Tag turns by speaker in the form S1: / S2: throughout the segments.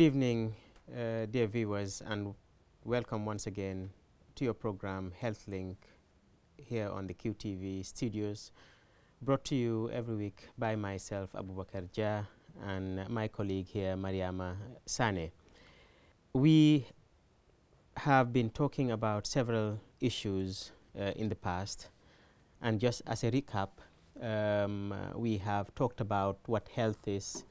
S1: Good evening, uh, dear viewers, and welcome once again to your program Health Link here on the QTV studios, brought to you every week by myself, Abubakar Jah, and my colleague here, Mariama Sane. We have been talking about several issues uh, in the past, and just as a recap, um, we have talked about what health is,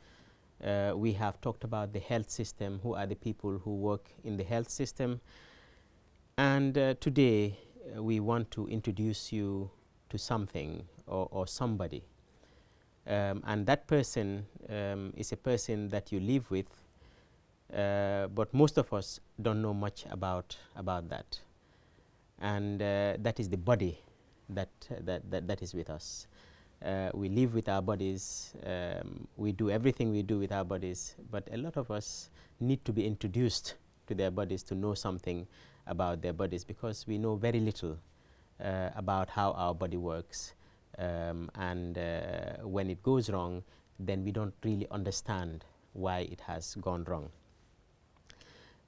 S1: uh, we have talked about the health system, who are the people who work in the health system. And uh, today uh, we want to introduce you to something or, or somebody. Um, and that person um, is a person that you live with, uh, but most of us don't know much about, about that. And uh, that is the body that, that, that, that is with us. Uh, we live with our bodies, um, we do everything we do with our bodies, but a lot of us need to be introduced to their bodies to know something about their bodies because we know very little uh, about how our body works. Um, and uh, when it goes wrong, then we don't really understand why it has gone wrong.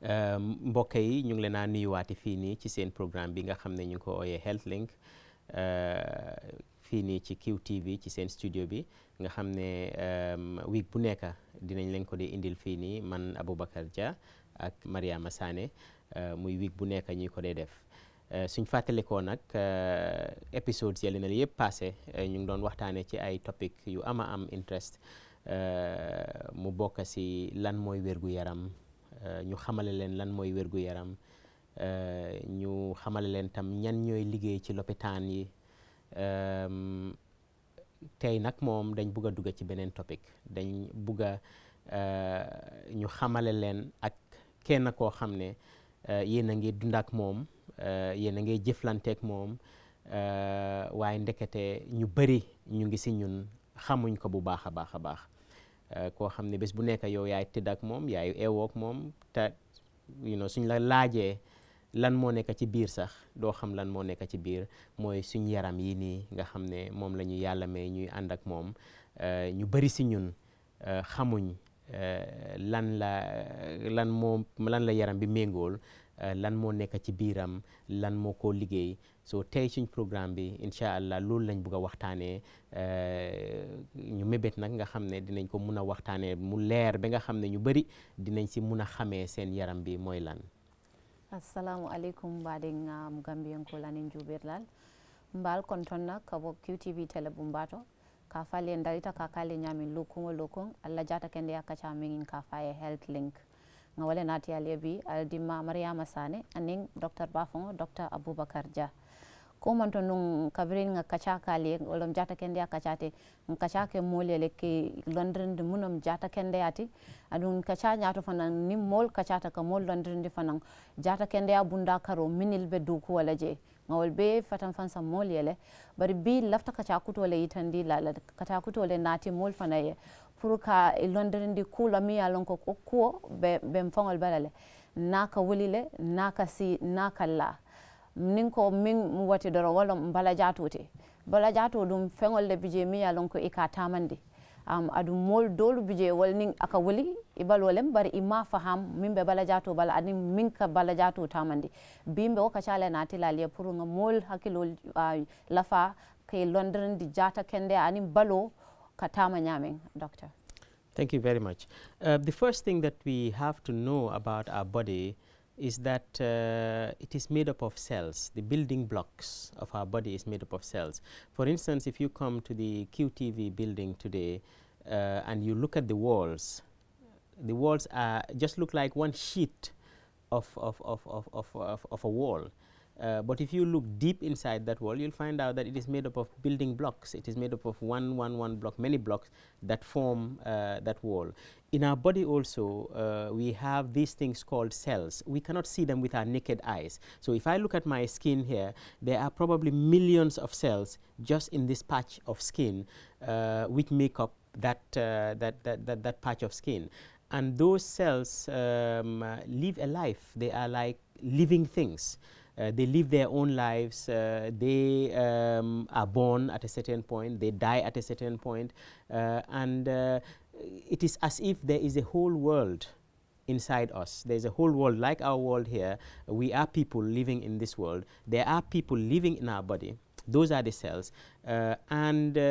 S1: Um, mbokk yi ñu ngi leen nuyuwaati fii nii ci seen programme bi nga xam ne ñu ngi ko Health Link uh, fii nii ci QTV ci seen studio bi nga xam ne ehm, week bu nekk dinañ leen ko di indil fii nii man Aboubacar ja ak Mariama Sané eh, muy week bu nekk ñuy ko dee def eh, suñ fàttalikoo nag eh, épisodes yële na yëpp passé ñu ngi doon waxtaanee ci ay topic yu ama am interest mu bokk si lan mooy wérgu yaram ñu xamale leen lan mooy wérgu yaram ñu xamale leen tam ñan ñooy liggéey ci lopitaan yi Ehm, tey nag moom dañ bugg a dugg ci beneen topic dañ bugg a eh, ñu xamale leen ak kenn koo xam ne eh, yéen a ngi dund ak moom eh, yéen a ngi jëflanteek moom waaye ndekete ñu bëri ñu ngi si ñun xamuñ ko bu baax a baax a baax koo xam ne bés bu nekk yow yaay tëdd ak moom yaay eewook moom te suñ la laajee lan moo nekk ci biir sax doo xam lan moo nekk ci biir mooy suñ yaram yi nii nga xam ne moom la ñu yàlla may ñuy ànd ak moom euh, ñu bari si ñun euh, xamuñ euh, lan la lan moo la yaram bi méngool lan moo nekk ci biiram lan moo ko liggéey soo tey suñ programme bi incha allah loolu lañ bugg a waxtaanee ñu mébét nag nga xam ne dinañ ko mun a waxtaanee mu leer ba nga xam ne ñu bari dinañ si mun a xamee seen yaram bi mooy lan.
S2: assalamu aleykum mbaɗen um, gambiyankolanen juɓirlal mbal kon mbal kontonna kabo qtv télé bumbato mbato ka fali en darita ka kale ñamin lokkugo lokkon allah jata kende yakkaca minin ka faye health link ga wale naati aliya bi aldimma mariama sane anin docteur bafon docteur aboubacar dia ko to nun kabrin nga kacha kali olom jata kende ya te kacha ke mole le ke london de munom jata kende ati adun kacha nyato fanan ni mol kacha ta ka mol london de fanan jata kende ya bunda karo minil be du ko wala je ngawol be fatan fansa mol yele bari bi lafta kacha kuto le itandi la la kacha kuto le nati mol fanaye pour ka london de kula mi alon ko ko be be mfangol balale naka wulile naka si naka la min wati doro mbala bije mi ko ika tamande um, mol dolu bije wal nin aka ima faham min bala bala min ka bala tamande mol uh, lafa ke jata kende anin balo
S1: thank you very much uh, the first thing that we have to know about our body is that uh, it is made up of cells. The building blocks of our body is made up of cells. For instance, if you come to the QTV building today uh, and you look at the walls, the walls are just look like one sheet of, of, of, of, of, of, a wall. Uh, but if you look deep inside that wall, you'll find out that it is made up of building blocks. It is made up of one, one, one block, many blocks that form uh, that wall in our body also, uh, we have these things called cells. We cannot see them with our naked eyes. So if I look at my skin here, there are probably millions of cells just in this patch of skin, uh, which make up that, uh, that, that, that, that, patch of skin. And those cells um, live a life. They are like living things. Uh, they live their own lives, uh, they um, are born at a certain point, they die at a certain point, uh, and uh, it is as if there is a whole world inside us. There's a whole world like our world here. We are people living in this world. There are people living in our body those are the cells uh, and uh,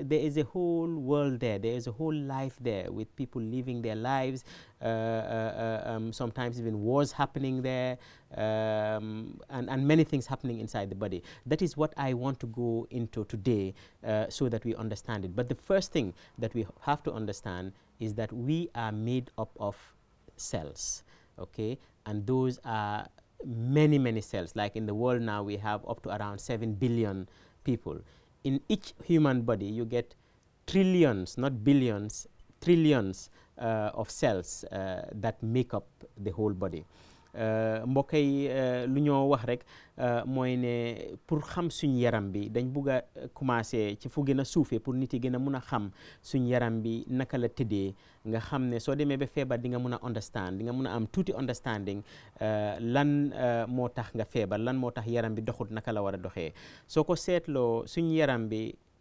S1: there is a whole world there there is a whole life there with people living their lives uh, uh, uh um, sometimes even wars happening there um, and, and many things happening inside the body that is what I want to go into today uh, so that we understand it but the first thing that we have to understand is that we are made up of cells okay and those are many, many cells. Like in the world now, we have up to around 7 billion people. In each human body, you get trillions, not billions, trillions uh, of cells uh, that make up the whole body. Euh, mbokk yi euh, lu ñoo wax rek euh, mooy ne pour xam suñ yaram bi dañ bugg a commencé ci fu gën a suufee pour nit yi gën a mun a xam suñ yaram bi naka la tëddee nga xam ne soo demee ba feebar di nga mun a understand di nga mun a am tuuti understanding lan moo tax nga feebar lan moo tax yaram bi doxut naka la war a doxee soo ko seetloo suñ yaram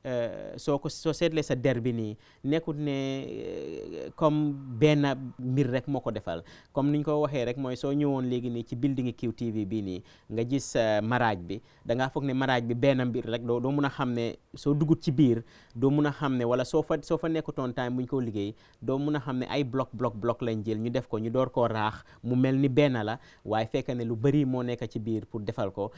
S1: Euh, soo ko soo seetlee sa der bi nii nekkut ne euh, comme benn mbir rek moo ko defal comme ñu ko waxee rek mooy soo ñëwoon léegi nii ci building QTV bii nii nga gis euh, maraaj bi da ngaa foog ne maraaj bi benn mbir rek doo doo mun a xam ne soo dugut ci biir doo mun a xam ne wala soo fa soo fa nekkutoon time buñ ko liggéey doo mun a xam ne ay bloc bloc bloc lañ jël ñu def ko ñu door koo raax mu mel ni benn la waaye fekk ne lu bari moo nekk ci biir pour defal ko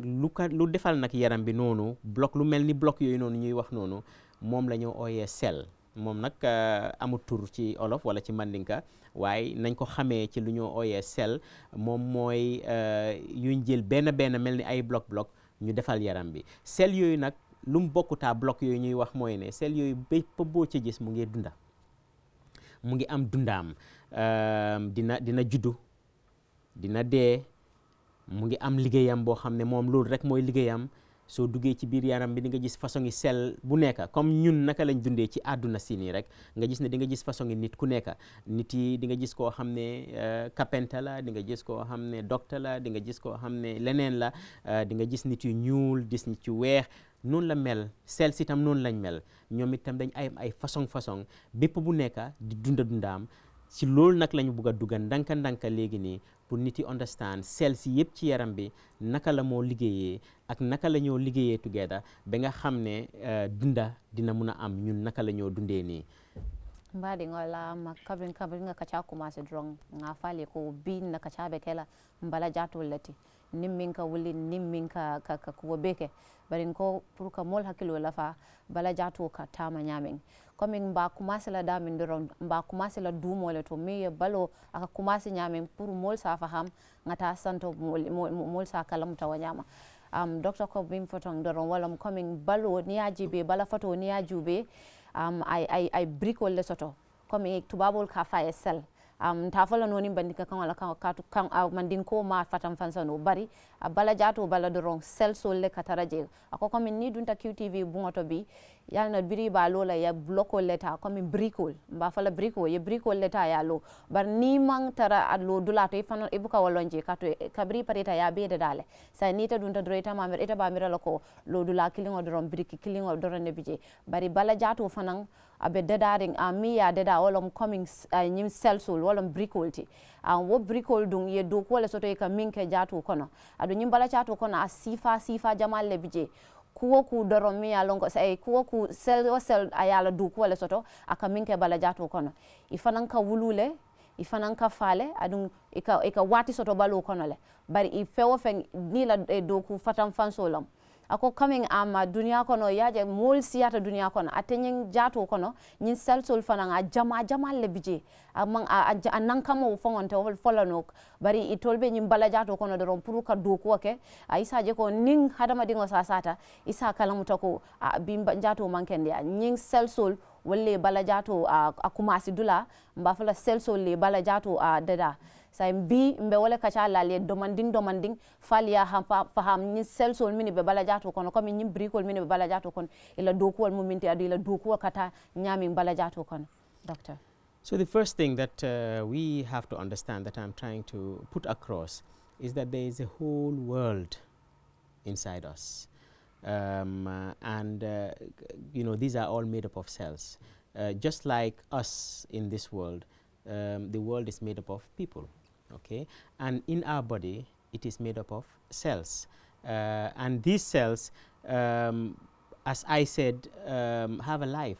S1: lu ka lu defal nag yaram bi noonu bloc lu mel ni bloc yooyu noonu ñuy wax noonu moom la ñu sel moom nag euh, amul tur ci olof wala ci mandinka waaye nañ ko xamee ci lu ñu ooyee sel moom mooy euh, yuñ jël benn benn mel ni ay bloc ñu defal yaram bi sel yooyu nag lu mu bokkutaa bloc yooyu ñuy wax mooy ne sel yooyu bépp boo ci gis mu ngi dunda mu ngi am dundaam euh, dina dina juddu dina dee mu ngi am liggéeyam boo xam ne moom loolu rek mooy liggéeyam soo duggee ci biir yaram bi di nga gis façon ngi sel bu nekk comme ñun naka lañ dundee ci àdduna si nii rek nga gis ne di nga gis façon yi nit ku nekk nit yi di nga gis koo xam ne kapenta euh, la di nga gis koo xam ne docteur la di nga gis koo xam ne leneen la euh, di nga gis nit yu ñuul gis nit yu weex noonu la mel sel si tam noonu lañ mel ñoom itam dañ ay ay façon façon bépp bu nekk di dunda am si loolu nag lañu bugg a dugga ndanka ndanka léegi nii pour nit yi understand cells yi yëpp ci yaram bi naka la moo liggéeyee ak naka la ñoo liggéeyee together ba nga xam ne dunda dina mun a am ñun naka la ñoo dundee nii
S2: di ngola makabrin kabrin nga kacha kuma se drong nga fale ko bi na kacha be kela mbala jatu lati nimmin ka wuli nimmin ka ka, ka kuwa beke barin ko pour mool mol hakilo lafa bala jatu ka tama nyamen comme komin mba commencé la damin doron mba commencé la dumo le to me ye balo aka commencé nyamin pour mol sa faham ngata santo mol, mol, mol sa kalam tawa nyama um, docteur ko bim fotong doron wala m komin balo ni ajibe bala foto ni ajube um, ay, ay, ay bricol le soto komin tubabol um, ka fa sel um, ta fala noni bandika kan wala kan katu kan uh, mandin ko ma fatam fansano bari a bala jaatu bala doron sel sol le katara je ako komin ni dunta qtv bungoto bi yalna biri ba lola ya bloko leta komin bricol mba fala briko ye bricol leta ya lo bar ni tara a lo dulato i fana ibuka e walonje kato e, kabri parita ya beda dale sa ni e ta dunta doro ita mamir ita bamira loko lo dula kilingo doron briki kilingo doron ne bije bari bala jaatu fanan abe dadaring a mi ya dada wolom coming uh, nyim sel sol wolom bricol a ah, wo brikol dun ye doku soto ye ka min kɛ jaatu kono aɗo ñimbala caatu kono a sifa sifa jamal le bi je kuwo ku doro mi ya lonko sai kuwo ku sel o sel ayala du kuwa le soto aka minke bala jato kono ifanan ka wulule ifanan ka fale adun ika ika wati soto balo kono le bari fewo fen ni la e, do ku fatan fansolam ako coming ama ah, dunia kono yaje mol siyata dunia kono ate jato jaato kono ñin selsol fanan a jama jamal le bije a, a, a nankamowo fogonte folano bari itol be ñin bala jaato kono doron pour ka dokuwo ke a isa je ko nin hadamadiŋo sasata isa kalamuta ko a bi jato mankende a ñing selsol wolle bala jaato a, a kumasi dula mbafala selsol le bala jaato a dada say mbi mbe domandin domandin ha faham mini bala jato mini bala jato ila kata bala jato
S1: So the first thing that uh, we have to understand that I'm trying to put across is that there is a whole world inside us. Um, uh, and, uh, you know, these are all made up of cells. Uh, just like us in this world, um, the world is made up of people okay and in our body it is made up of cells uh, and these cells um, as I said um, have a life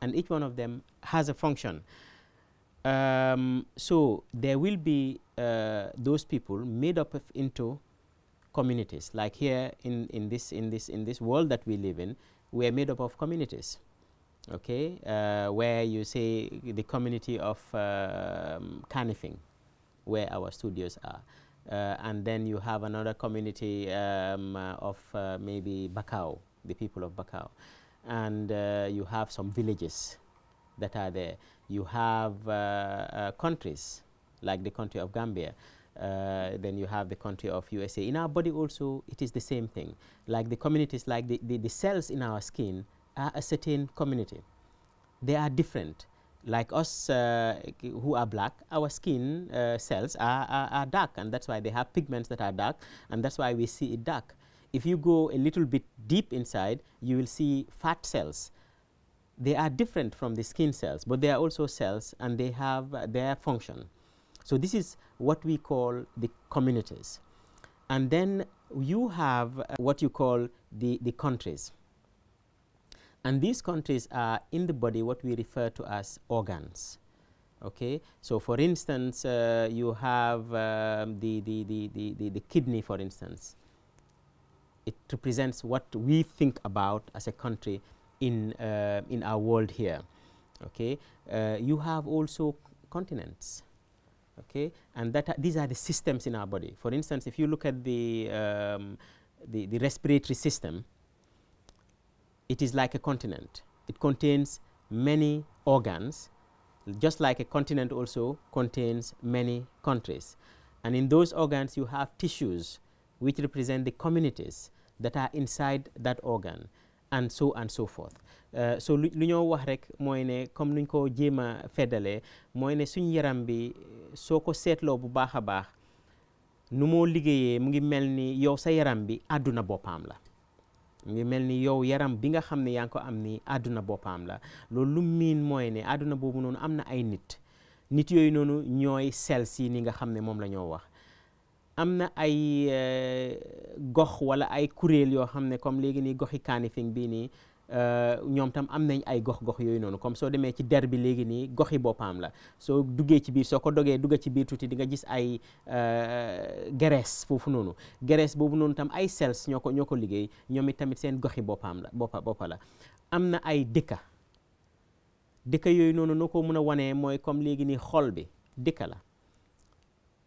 S1: and each one of them has a function um, so there will be uh, those people made up of into communities like here in, in this in this in this world that we live in we are made up of communities okay uh, where you say the community of um, canifing where our studios are. Uh, and then you have another community um, uh, of uh, maybe Bakau, the people of Bakau. And uh, you have some villages that are there. You have countries, like the country of Gambia. Uh, then you have the country of USA. In our body also, it is the same thing. Like the communities, like the, the, the cells in our skin are a certain community. They are different like us uh, who are black, our skin uh, cells are, are, are, dark and that's why they have pigments that are dark and that's why we see it dark. If you go a little bit deep inside, you will see fat cells. They are different from the skin cells, but they are also cells and they have uh, their function. So this is what we call the communities. And then you have uh, what you call the, the countries and these countries are in the body what we refer to as organs. Okay, so for instance, uh, you have um, the, the, the, the, the kidney, for instance. It represents what we think about as a country in, uh, in our world here. Okay, uh, you have also continents. Okay, and that these are the systems in our body. For instance, if you look at the, um, the, the respiratory system, it is like a continent. It contains many organs, just like a continent also contains many countries. And in those organs, you have tissues which represent the communities that are inside that organ, and so and so forth. Uh, so lu ñoo wax rek mooy ne comme nuñ ko jéem a feddalee mooy ne suñ yaram bi soo ko bu baax mu ngi yow sa yaram bi la. ngi mel ni yow yaram bi nga xam ne yaa ngi ko am ni àdduna boppam la loolu lu miin mooy ne àdduna boobu noonu am na ay nit nit yooyu noonu ñooy cells yi ni nga xam ne moom la ñoo wax am na ay eh, gox wala ay kuréel yoo xam ne comme léegi nii goxi Kanifing bii nii Euh, ñoom tam am nañ ay gox-gox yooyu noonu comme soo demee ci der bi léegi nii goxi boppam la soo duggee ci biir soo ko dogee dugga ci biir di nga gis ay euh, gerees foofu noonu gerees boobu noonu tam ay cells ñoo ko ñoo ko liggéey ñoom it tamit seen goxi boppam boppa boppa la am na ay dëkka dëkka yooyu noonu noo ko mën a wanee mooy comme léegi nii xol bi dëkka la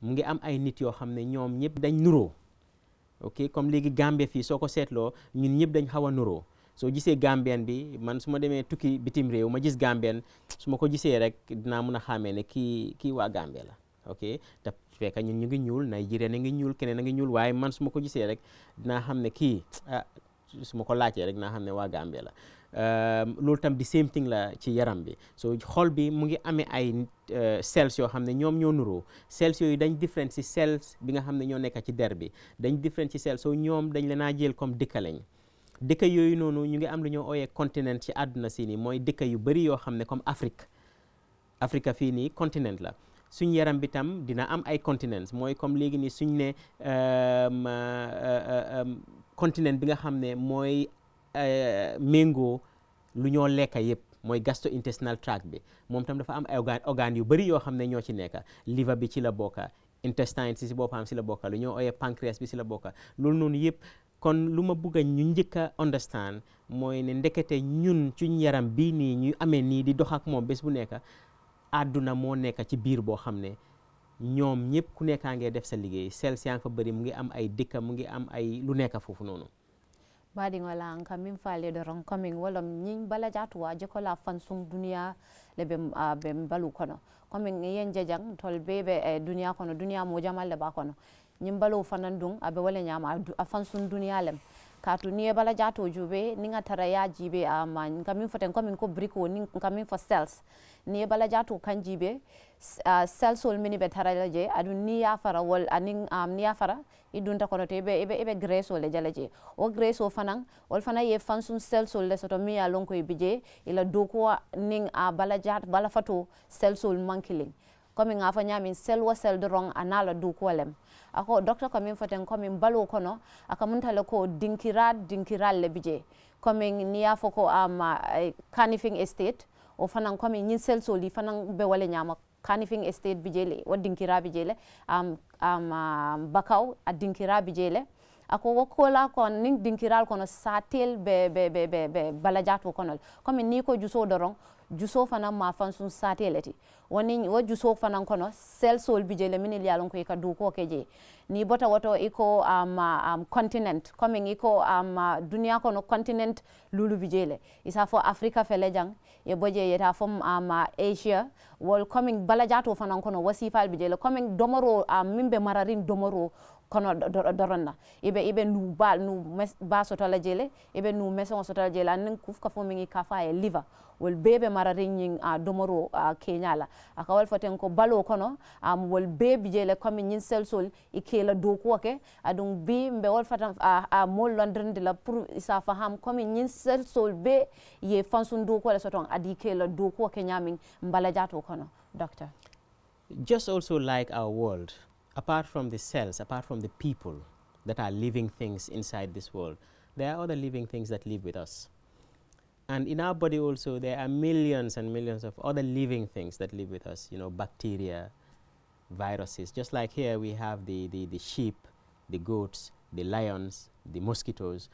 S1: mu ngi am ay nit yoo xam ne ñoom ñëpp dañ nuroo ok comme léegi Gambie fii soo ko seetloo ñun ñëpp dañ xaw a nuroo soo gisee gambien bi man su ma demee tukki bitim réew ma gis gambien su ma ko gisee rek dinaa mun a xàmmee ne kii kii waa Gambie la ok te fekk ñun ñu ngi ñuul Nigeria na ngi ñuul keneen a ngi ñuul waaye man su ma ko gisee rek dinaa xam ne kii ah ko laajtee rek dinaa xam ne waa Gambie la ehm, loolu tam di same thing la ci yaram bi soo xol bi mu ngi amee ay eh, cells yoo xam ne ñoom ñoo nuroo cells yooyu dañ différent ci cells bi nga xam ne ñoo nekk ci der bi dañ différent ci cells soo ñoom dañ leen a jël comme dëkkaleñ dëkk yooyu noonu ñu ngi am lu ñoo ooyee continent ci àdduna si nii mooy dëkk yu bëri yoo xam ne comme Afrique africa fii nii continent la suñ yaram bi tam dina am ay continents mooy comme léegi nii suñ ne euh, euh, euh, continent bi nga xam ne mooy méngoo lu ñoo lekka yëpp mooy gastrointestinal tract bi moom tam dafa am ay organes yu bari yoo xam ne ñoo ci nekk liver bi ci la bokka intestine si si boppam si la bokka lu ñoo ooyee pancréas bi si la bokka loolu noonu yëpp kon lu ma bugg ñu njëkk a understand mooy ne ndekete ñun suñ yaram bii nii ñu amee nii di dox ak moom bés bu nekk àdduna moo nekk ci biir boo xam ne ñoom ñëpp ku nekkaa ngee def sa liggéey sel siang fa bëri mu ngi am ay dëkka mu ngi am ay lu nekk foofu noonu
S2: baɗiŋol an kam min faale doron commin wolom ñin bala jatuwa jekola fansung duniya le ɓe balu kono commin yen jejang tol be eh, duniya kono duniya mojamal le ba kono ñiŋ balowo fanaŋ duŋ a be wo le ñaama a faŋ suŋ lem kaatu niŋ bala jaatoo juube niŋ a tara ye a jiibe a ma nka miŋ fo ko briko niŋ nka miŋ fo cells niŋ bala jaatoo kaŋ jiibe uh, cellsol minnu be tara je aduŋ niŋ ye fara wol aniŋ uh, um, niŋ ye fara i dunta kono to i be, i be, i je la je wo graiseo fanaŋ wolu fanaŋ ye fansuŋ cellsol le soto miŋ ye a ko i bi je i la dookuwa niŋ bala jaat bala fatoo cellsol maŋ kiliŋ komi ŋa fo ñaamiŋ sel wo sel doroŋ a naa la lem ako docteur komin foten komin mbalo kono aka muntala ko dinkirat dinkiralle bije komin niya fo ko am eh, canifing estate o fanan komin ñin selsoli fanan be wale ñama canifing estate bijele wa dinkira bijele am am bakaw a dinkira bijele ako wokkola kon ni dinkiral kono sa tel be be be be, be baladiato konol komin ni ko juso doron juso fanan ma fansun sa telati woni wo juso fanan kono sel sol bije le minil yalon ko ka du ko keje ni bota woto iko am um, um, continent coming iko um, dunia kono continent lulu bije le isa fo africa fele jang e boje yeta fom um, asia wol coming balajato fanan kono wasifal bije le coming domoro um, mimbe mararin domoro kono doronna ibe ibe nu bal nu mes ba la jele ibe nu soto sotola jele anin kuf ka fomingi ka fa e liver wol bebe mara nyin a domoro a uh, kenyala aka wal foten ko balo kono am wol bebe jele komi nyin selsol i kela do ko ke adun bi mbe wol fatan a, a mol london de la pour isa faham komi nyin selsol be ye fansun do ko la soton adi kela do ko ke nyamin mbala jato kono doctor
S1: just also like our world apart from the cells, apart from the people that are living things inside this world, there are other living things that live with us. And in our body also, there are millions and millions of other living things that live with us, you know, bacteria, viruses. Just like here, we have the, the, the sheep, the goats, the lions, the mosquitoes.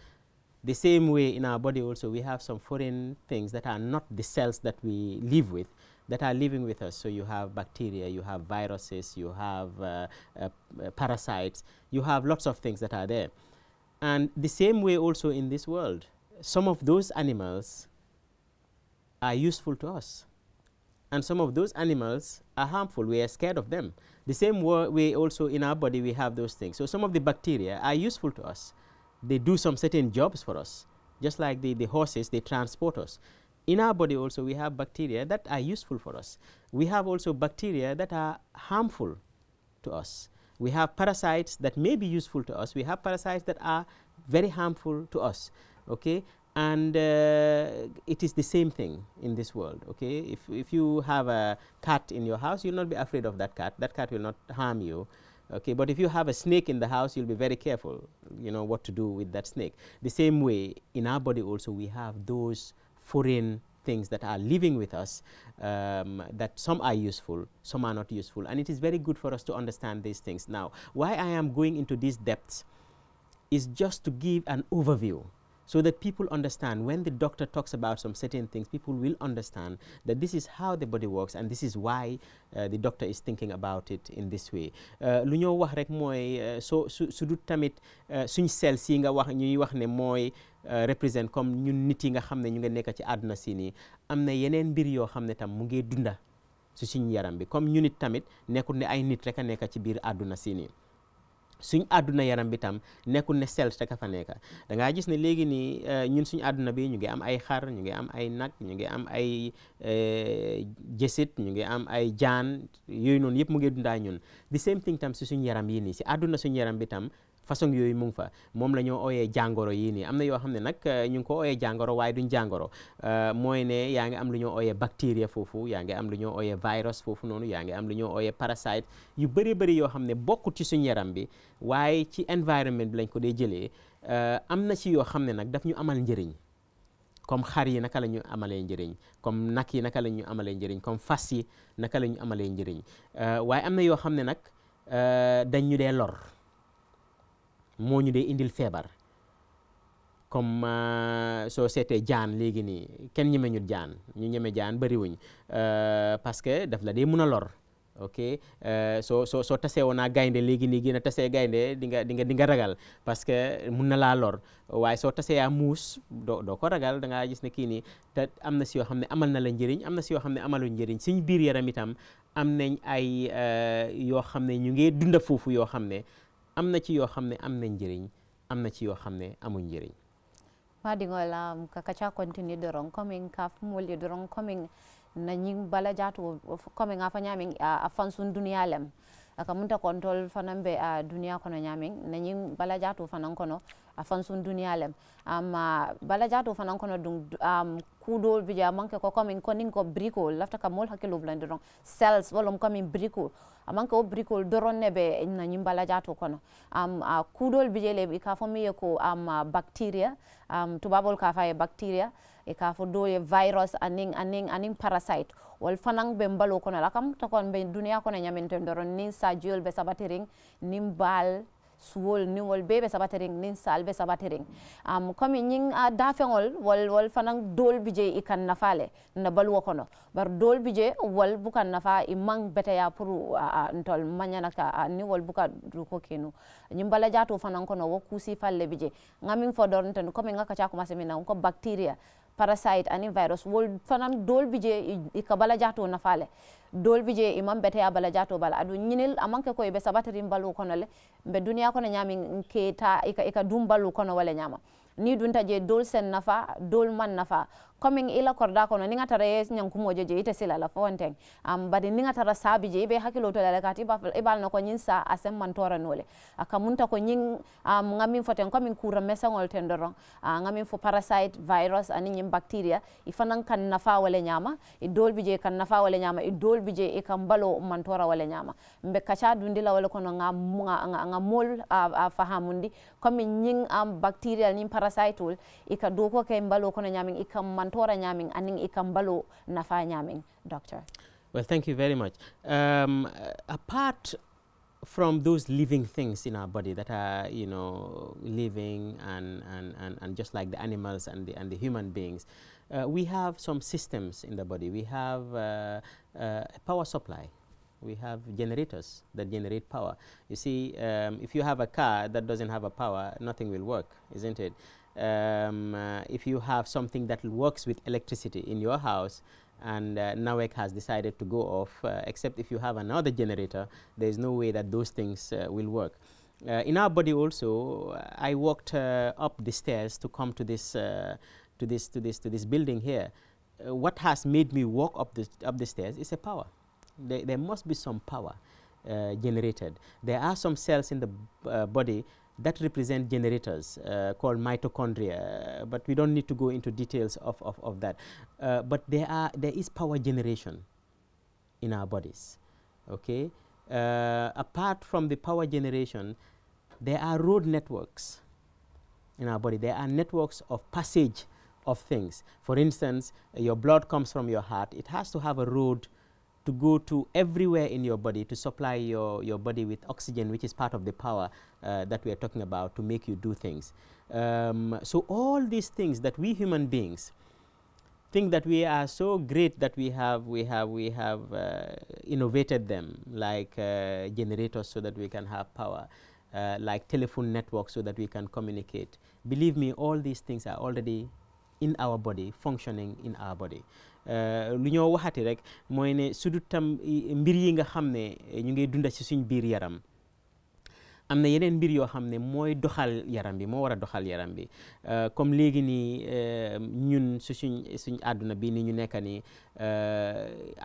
S1: The same way in our body also, we have some foreign things that are not the cells that we live with, that are living with us. So you have bacteria, you have viruses, you have uh, uh, uh, parasites, you have lots of things that are there. And the same way also in this world, some of those animals are useful to us. And some of those animals are harmful. We are scared of them. The same way also in our body we have those things. So some of the bacteria are useful to us. They do some certain jobs for us. Just like the, the horses, they transport us in our body also we have bacteria that are useful for us. We have also bacteria that are harmful to us. We have parasites that may be useful to us. We have parasites that are very harmful to us. Okay, and uh, it is the same thing in this world okay if, if you have a cat in your house you'll not be afraid of that cat that cat will not harm you okay but if you have a snake in the house you'll be very careful you know what to do with that snake the same way in our body also we have those foreign things that are living with us um, that some are useful, some are not useful. And it is very good for us to understand these things. Now, why I am going into these depths is just to give an overview so that people understand when the doctor talks about some certain things, people will understand that this is how the body works and this is why uh, the doctor is thinking about it in this way. Uh, lu ñoo wax rek mooy uh, soo su su du tamit uh, suñ sel si nga wax ñuy wax ne mooy represent comme ñun nit yi nga xam ne ñu ngi nekk ci àdduna si ni am na yeneen mbir yoo xam ne tam mu ngi dunda su suñ yaram bi comme ñu nit tamit nekkul ne ay nit rek a nekk ci biir àdduna si nii. suñ àdduna yaram bi tam nekkul ne sell te ka fa nekk da ngaa gis ne léegi nii eh, ñun suñu àdduna bi ñu ngi am ay xar ñu ngi am ay nag ñu ngi am ay eh, jësit ñu ngi am ay jaan yooyu noonu yëpp mu ngi dundaa ñun the same thing tam si suñ yaram yi nii si àdduna suñu yaram bi tam façon yooyu mu ngi fa moom la ñoo ooyee jàngoro yii nii am na yoo xam ne nag euh, ñu ngi ko ooyee jàngoro waaye duñ jàngoro euh, mooy ne yaa ngi am lu ñoo ooyee bactérie foofu yaa ngi am lu ñoo ooyee virus foofu noonu yaa ngi am lu ñoo ooyee parasite yu bëri bëri yoo xam ne bokkut ci suñu yaram bi waaye ci environnement bi lañ ko dee jëlee euh, am na ci yoo xam ne nag daf ñu amal njëriñ kom xar yi naka la ñu amalee njëriñ nag yi naka la ñu amalee njëriñ comme fas yi naka la amalee njëriñ waaye am na yoo xam ne nag dañ ñu dee lor moo ñu dee indil feebar comme euh, soo seetee jaan léegi nii kenn ñeme ñu jaan ñu ñeme jaan bariwuñ euh, parce que daf la dee mun a lor ok euh, soo soo soo tasee woon naa gaynde léegi nii gën a tasee gaynde di nga di di nga ragal parce que mun na laa lor waaye soo tasee yaa muus doo doo ko ragal da ngaa gis ne kii nii te am na si yoo xam ne amal na la njëriñ am na si yoo xam ne amaluñ njëriñ suñ biir yaram itam am nañ ay yoo xam ne ñu ngi dunda foofu yoo xam ne. am na ci yoo xam ne am na njëriñ am na ci yoo xam ne amul njëriñ
S2: maɗigola kakaca continue doron commin ka fumolli doron commin nañin bala jaatu coming afa fa ñamin a fansun duniya lem aka munta kontol fanan be a duniya kono ñamin nañin bala jaatu fanan kono fan sun duniya lem amma bala jato fanan kono dum um, kudo bija manke ko komin konin ko briko lafta ka mol hakelo blande ron cells wolom komin briko amanke o briko doron nebe na nyim bala jato kono am um, uh, bije le ka fo ko am um, uh, bacteria um, tubabol ka fa e bacteria e ka fo do e virus aning aning aning parasite wol fanang be mbalo kono la kam to kon be duniya kono nyamin ten doron nin sa jiol be sabatering nimbal suwol niŋol bee be sabatiriŋ niŋ saal be sabatiriŋ um, komi ñiŋ uh, ah, daafeŋol wol wol fanaŋ dool bi je i kaŋ nafa na baluwo kono bari dool bi je wol buka nafa i maŋ beteya pour uh, ntol mañana ka uh, ni wol buka duko kenu ñiŋ bala jaatoo fanaŋ kono wo kuusi fal le bi je ŋa miŋ fo doronteŋ komi ŋa kaca kumase ko bacteria parasite ani virus wol fanaŋ dool bi je bala jaatoo nafa dolbi je imam bete ya bala jato bala adu nyinil amanke ko ibe sabatiri mbalu kono le mbe duniya kono nyami ke ta ika ika dum balu kono wala nyama ni dunta je dol sen nafa dol man nafa coming ila korda kono ninga tara yes nyankumo je je ite sila la fonten um, but ninga tara sabi je be hakilo to la kati ba ibal na ko nyin sa asem man tora nole munta ko nyin um, ngamin foten coming kura mesa ngol tendoro uh, ngamin fo parasite virus ani nyin bacteria ifanan kan nafa wala nyama e bi je kan nafa wala nyama e bi je e kan balo man tora wala nyama mbe kacha la wala kono nga nga, nga, nga mol uh, uh, fahamundi coming nyin um, bacteria nyin parasite ul ika doko ke mbalo kono nyamin ika man aning ikambalo nafa doctor
S1: well thank you very much um, apart from those living things in our body that are you know living and and, and, and just like the animals and the and the human beings uh, we have some systems in the body we have uh, uh, a power supply we have generators that generate power you see um, if you have a car that doesn't have a power nothing will work isn't it um, uh, if you have something that works with electricity in your house and uh, NAWEC has decided to go off, uh, except if you have another generator, there is no way that those things uh, will work. Uh, in our body also, uh, I walked uh, up the stairs to come to this, to this, to this, to this building here. what has made me walk up the, up the stairs is a power. There, there must be some power generated. There are some cells in the body that represent generators uh, called mitochondria, uh, but we don't need to go into details of, of, of that. Uh, but there, are, there is power generation in our bodies, okay? Uh, apart from the power generation, there are road networks in our body. There are networks of passage of things. For instance, your blood comes from your heart. It has to have a road to go to everywhere in your body to supply your, your body with oxygen, which is part of the power uh, that we are talking about to make you do things. Um, so all these things that we human beings think that we are so great that we have, we have, we have uh, innovated them, like uh, generators so that we can have power, uh, like telephone networks so that we can communicate. Believe me, all these things are already in our body, functioning in our body. Euh, lu ñoo waxati rek mooy ne su dut tam mbir yi nga xam ne ñu ngi dunda si suñ biir yaram am na yeneen mbir yoo xam ne mooy doxal yaram bi moo war a doxal yaram bi euh, comme léegi nii euh, ñun su suñ suñ àdduna bi ni ñu nekk nii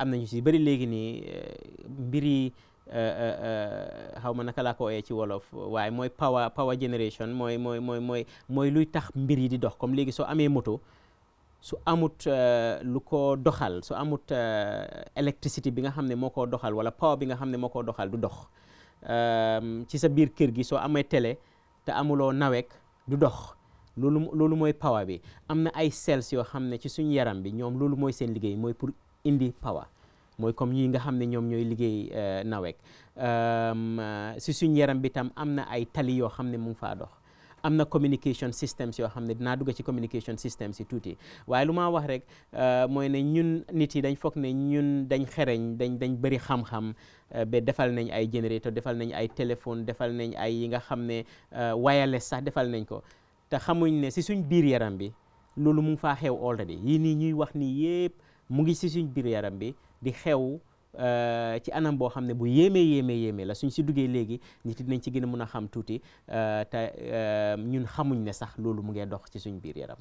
S1: am nañu si bëri léegi nii mbiri xaw ma naka laa ko ooyee ci wolof waaye mooy power power generation mooy mooy mooy mooy mooy luy tax mbir yi di dox comme léegi soo amee moto su amut euh, lu ko doxal su amut euh, électricité bi nga xam ne moo ko doxal wala power bi nga xam ne moo koo doxal du dox euh, ci sa biir kër gi soo amee tele te amuloo nawek du dox loolu loolu mooy power bi am na ay cells yoo xam ne ci suñ yaram bi ñoom loolu mooy seen liggéey mooy pour indi power mooy comme ñi nga xam ne ñoom ñooy liggéey nawek si suñ yaram bi tam am na ay tali yoo xam ne mu ngi faa dox am na communication systems yoo xam ne dinaa dugg ci communication systems yi tuuti waaye lu ma wax rek euh, mooy ne ñun nit yi dañ foog ne ñun dañ xereñ dañ dañ bëri xam-xam euh, ba defal nañ ay générateur defal nañ ay téléphone defal nañ ay yi nga xam ne euh, wireless sax defal nañ ko te xamuñ ne si suñ biir yaram bi loolu mu ngi faa xew already yii nii ñuy wax nii yëpp mu ngi si suñ biir yaram bi di xew Euh, ci anam boo xam ne bu yéeme yéeme yéeme la suñ si duggee léegi nit dinañ ci gën a mën a xam tuuti euh, te euh, ñun xamuñ ne sax loolu mu ngee dox ci suñ biir yaram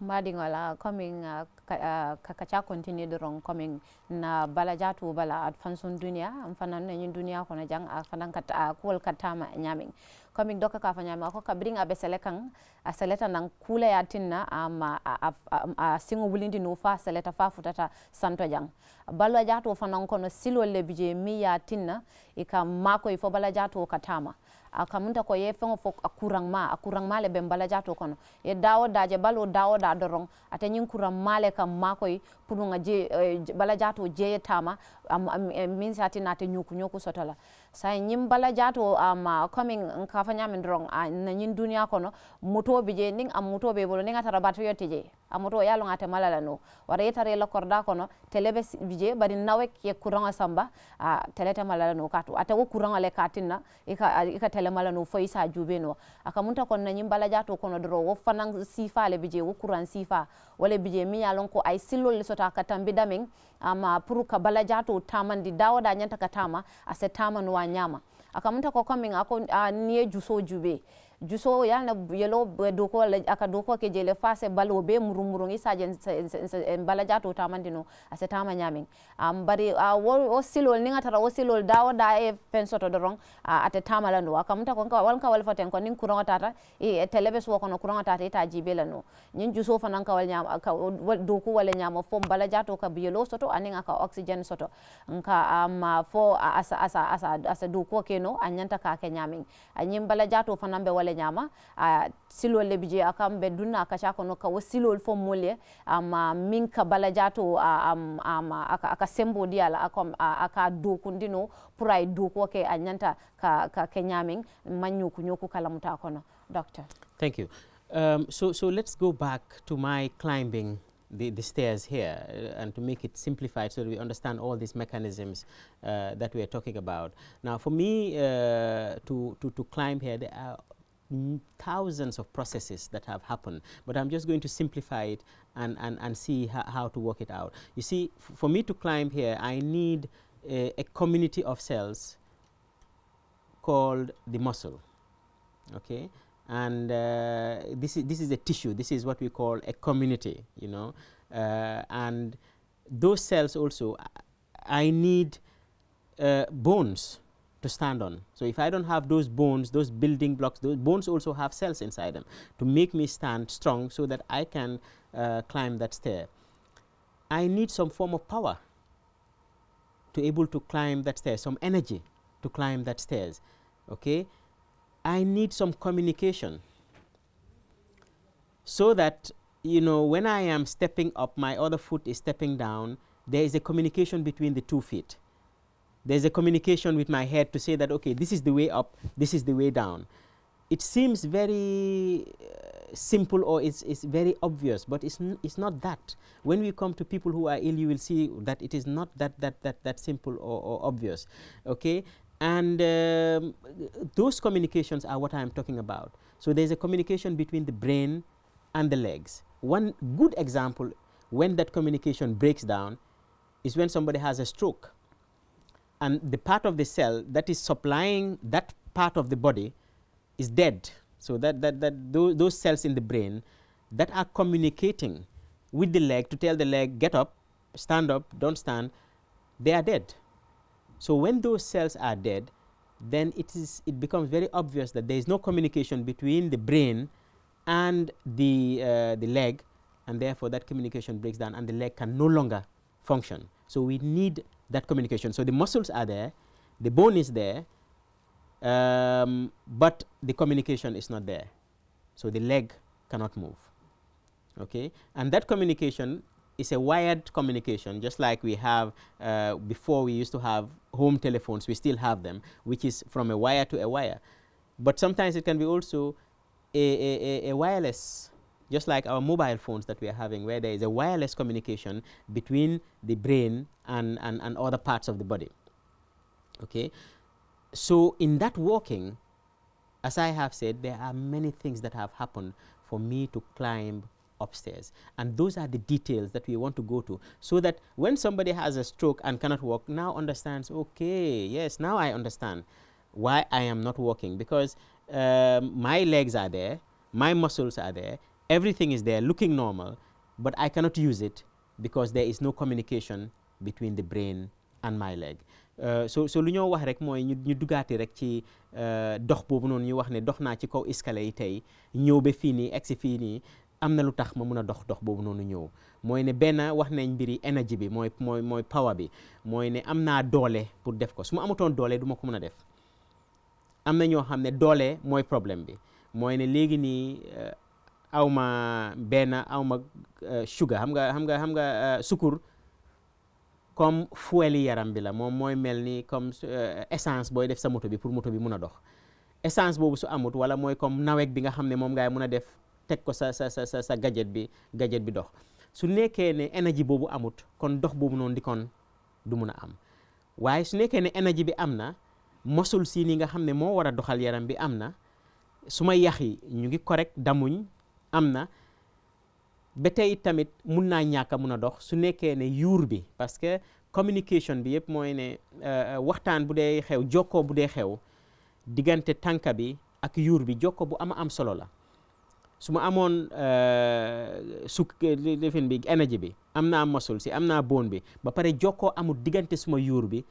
S2: mbadingola coming uh, ka, uh, kakacha continue durong coming na balajatu bala at fansun dunia amfanan ne ñun dunia ko na jang fanan kat uh, kuwal katama nyaming coming doka ka fanya ma ko ka bring a besele kan a seleta nan kula ya tinna um, a, a, a, a singo bulindi no fa seleta fa futata santo jang balwa jato fa fanan kono silol le bije mi ya tinna e ka ma ko ifo bala jato ka tama a kamunta ko ye fengo fo akurang ma akurang male be bala jato kono e dawo daje balo dawo da dorong ata nyin kuram male kam makoy pudunga je eh, bala jato je tama am, am, am, min sati nate nyuku nyuku sotala sai nyim bala jato am ah, um, coming nka fanya min drong uh, ah, nyin dunia kono muto bije ning am ah, moto be bolo ninga tara batyo amoto yalon ate malala no wara yetare la korda kono telebe bije bari nawe ke kuranga samba a telete malala no katu ate ko kuranga le katina ika ika tele malala no fo isa jube no aka munta kon nanyi bala jato kono dro wo fanan sifa le bije wo kuran sifa wala bije mi yalon ko ay silol le sota katambi daming ama puru ka bala jato tamandi dawo nyanta katama ase wa nyama aka munta ko coming ako niye juso jube juso yalna yelo doko aka doko ke jele fase balo be murumuru murumurung isaje bala jato tamandino ase tama nyamin am bari a wo, wo silol ninga tara wo silol dawo da e penso to dorong uh, ate tama lando aka muta kon ka wal ka wal faten kon nin kuro tata e telebes wo kono kuro tata ita jibe lano nin juso fanan ka wal nyam aka doko wala nyama fo bala jato ka biyelo soto aninga ka oxygen soto nka am fo asa asa asa asa doko no anyanta ka ke nyamin anyim bala jato fanan be wal nyama a silol le bije akam be dunna ko no ka wasilol fo mole ama min ka bala jato am am aka, aka sembo diala akom aka dokundino pour ay ko ke anyanta ka ka kenyamin manyu nyoku kala muta kono doctor
S1: thank you um, so so let's go back to my climbing the, the stairs here uh, and to make it simplified so that we understand all these mechanisms uh, that we are talking about. Now, for me uh, to, to, to climb here, there are thousands of processes that have happened, but I'm just going to simplify it and, and, and see how to work it out. You see, for me to climb here, I need a, a community of cells called the muscle, okay? And uh, this, is, this is a tissue, this is what we call a community, you know? Uh, and those cells also, I need uh, bones to stand on. So if I don't have those bones, those building blocks, those bones also have cells inside them to make me stand strong so that I can uh, climb that stair. I need some form of power to able to climb that stair, some energy to climb that stairs. Okay, I need some communication so that you know when I am stepping up, my other foot is stepping down. There is a communication between the two feet there's a communication with my head to say that okay this is the way up this is the way down it seems very uh, simple or it's, it's very obvious but it's, it's not that when we come to people who are ill you will see that it is not that that that, that simple or, or obvious okay and um, those communications are what i'm talking about so there's a communication between the brain and the legs one good example when that communication breaks down is when somebody has a stroke and the part of the cell that is supplying that part of the body is dead. So that, that, that those, those cells in the brain that are communicating with the leg to tell the leg get up, stand up, don't stand, they are dead. So when those cells are dead, then it is it becomes very obvious that there is no communication between the brain and the uh, the leg, and therefore that communication breaks down, and the leg can no longer function. So we need that communication. So, the muscles are there, the bone is there, um, but the communication is not there. So, the leg cannot move. Okay? And that communication is a wired communication, just like we have uh, before we used to have home telephones, we still have them, which is from a wire to a wire. But sometimes it can be also a, a, a wireless just like our mobile phones that we are having, where there is a wireless communication between the brain and, and, and other parts of the body. Okay? So, in that walking, as I have said, there are many things that have happened for me to climb upstairs. And those are the details that we want to go to so that when somebody has a stroke and cannot walk, now understands, okay, yes, now I understand why I am not walking because um, my legs are there, my muscles are there, everything is there looking normal, but I cannot use it because there is no communication between the brain and my leg. Euh, so lu ñoo wax rek mooy ñu ñu dugaati rek ci euh, dox boobu noonu ñu wax ne dox naa ci kaw escalier yi tey ñëw ba fii nii egg si fii nii am na lu tax ma mun a dox dox boobu noonu ñëw mooy ne benn wax nañ mbiri énergie bi mooy mooy mooy power bi mooy ne am naa doole pour def ko su ma amutoon doole du ma ko mun a def am na ñoo xam ne doole mooy problème bi mooy ne léegi nii euh, aw ma benn aw ma euh, sugar xam nga xam nga xam nga euh, sukur comme fuel yaram bi la moom mooy mel ni comme euh, essence booy def sa moto bi pour moto bi mun a dox essence boobu su amut wala mooy comme nawet bi nga xam ne moom ngay mun a def teg ko sa sa sa sa gadget bi gadget bi dox su nekkee ne énergie boobu amut kon dox boobu noonu di kon du mun a am waaye su nekkee ne énergie bi am na masul si ni nga xam ne moo war a doxal yaram bi am na su ma yax yi ñu ngi correct damuñ am na ba tey tamit mun naa ñàkk mun a dox su nekkee ne yuur bi parce que communication bi yëpp mooy ne euh, euh, waxtaan bu dee xew jokkoo bu dee xew diggante tànka bi ak yuur bi jokko bu ama am solo la su ma amoon euh, suk lifin bi énergie bi am naa masul si am naa boon bi ba pare jokkoo amul diggante suma yuur bi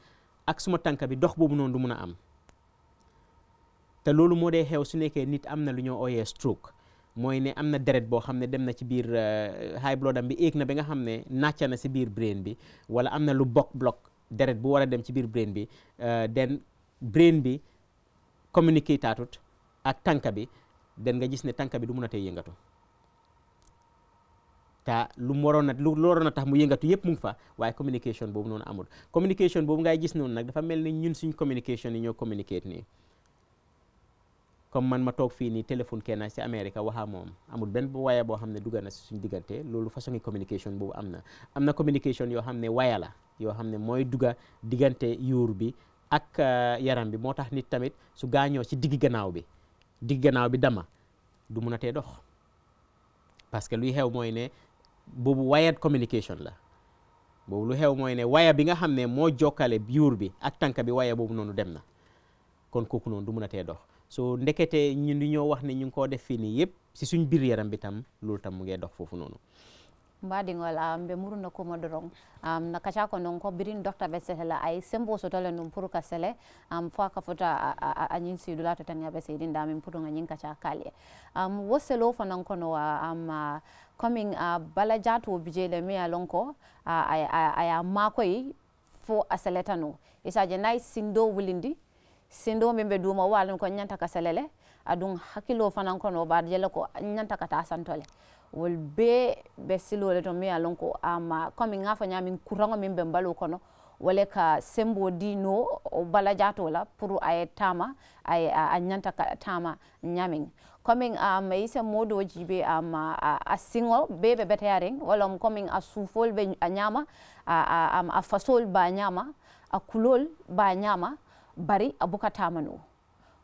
S1: ak suma tànka bi dox boobu noonu du mun a am te loolu moo dee xew su nekkee nit am na lu ñoo ooyee stroke mooy ne am na deret boo xam ne dem na ci biir euh, high blood am bi éeg na ba nga xam ne nàcca na si biir brain bi wala am na lu bokk bloc deret bu war a dem ci biir brain bi den euh, brain bi communiqué taatut ak tànka bi den nga gis ne tànka bi du mu a tey yëngatu ta lu mu waroon a lu waroon a tax mu yëngatu yëpp mu ngi fa waaye communication boobu noonu amul communication boobu ngay gis noonu nag dafa mel ni ñun suñ communication ñoo communiqué nii comme man ma toog fii nii téléphone kenn si Amérique waxaa moom amul benn waya boo xam ne dugg na si suñu diggante loolu façon communication boobu am na am na communication yoo xam ne waya la yoo xam ne mooy dugga diggante yuur bi ak euh, yaram bi moo tax nit tamit su gaañoo si digg gannaaw bi digg gannaaw bi dama du mun a tee dox parce que luy xew mooy ne boobu wired communication la boobu lu xew mooy ne waya bi nga xam ne moo jokkale yuur bi ak tànk bi waya boobu noonu dem na kon kooku noon du mun a tee dox so ndekete ñun di ñoo wax ne ñu ngi koo def fii nii yëpp si suñ biir yaram bi tam loolu tam mu ngi dox foofu noonu
S2: mbadingol muru na ko kuma dorong am na kacha ko non ko birin docteur be sehla ay sembo tole num pour ka sele am fo ka fota añin siidula to tan yaɓe seydin damin pour añin kacha kali am wo selo fo non ko no am coming a bala jatuwo bijele mi mia lon ko ma aya yi fo a isa je nayi sindo wulindi sindo min duma duuma ko ñanta ka selele adun hakkilo fanan no bar jela ko nyanta ka ta santole wol be ɓe silole to mi alon ko ama komi nga fanya min kurango o min ɓe mbalo kono wala ka sembo di no o bala jato la pour aye tama ay a ñanta ka tama nyamin coming um, ise modoji ɓe um, a, a siŋo be ɓe beteyaren walla coming a sufol be a ñama a, a, a fasol ba ñama a kulol ba ñama bari a abuka tamanu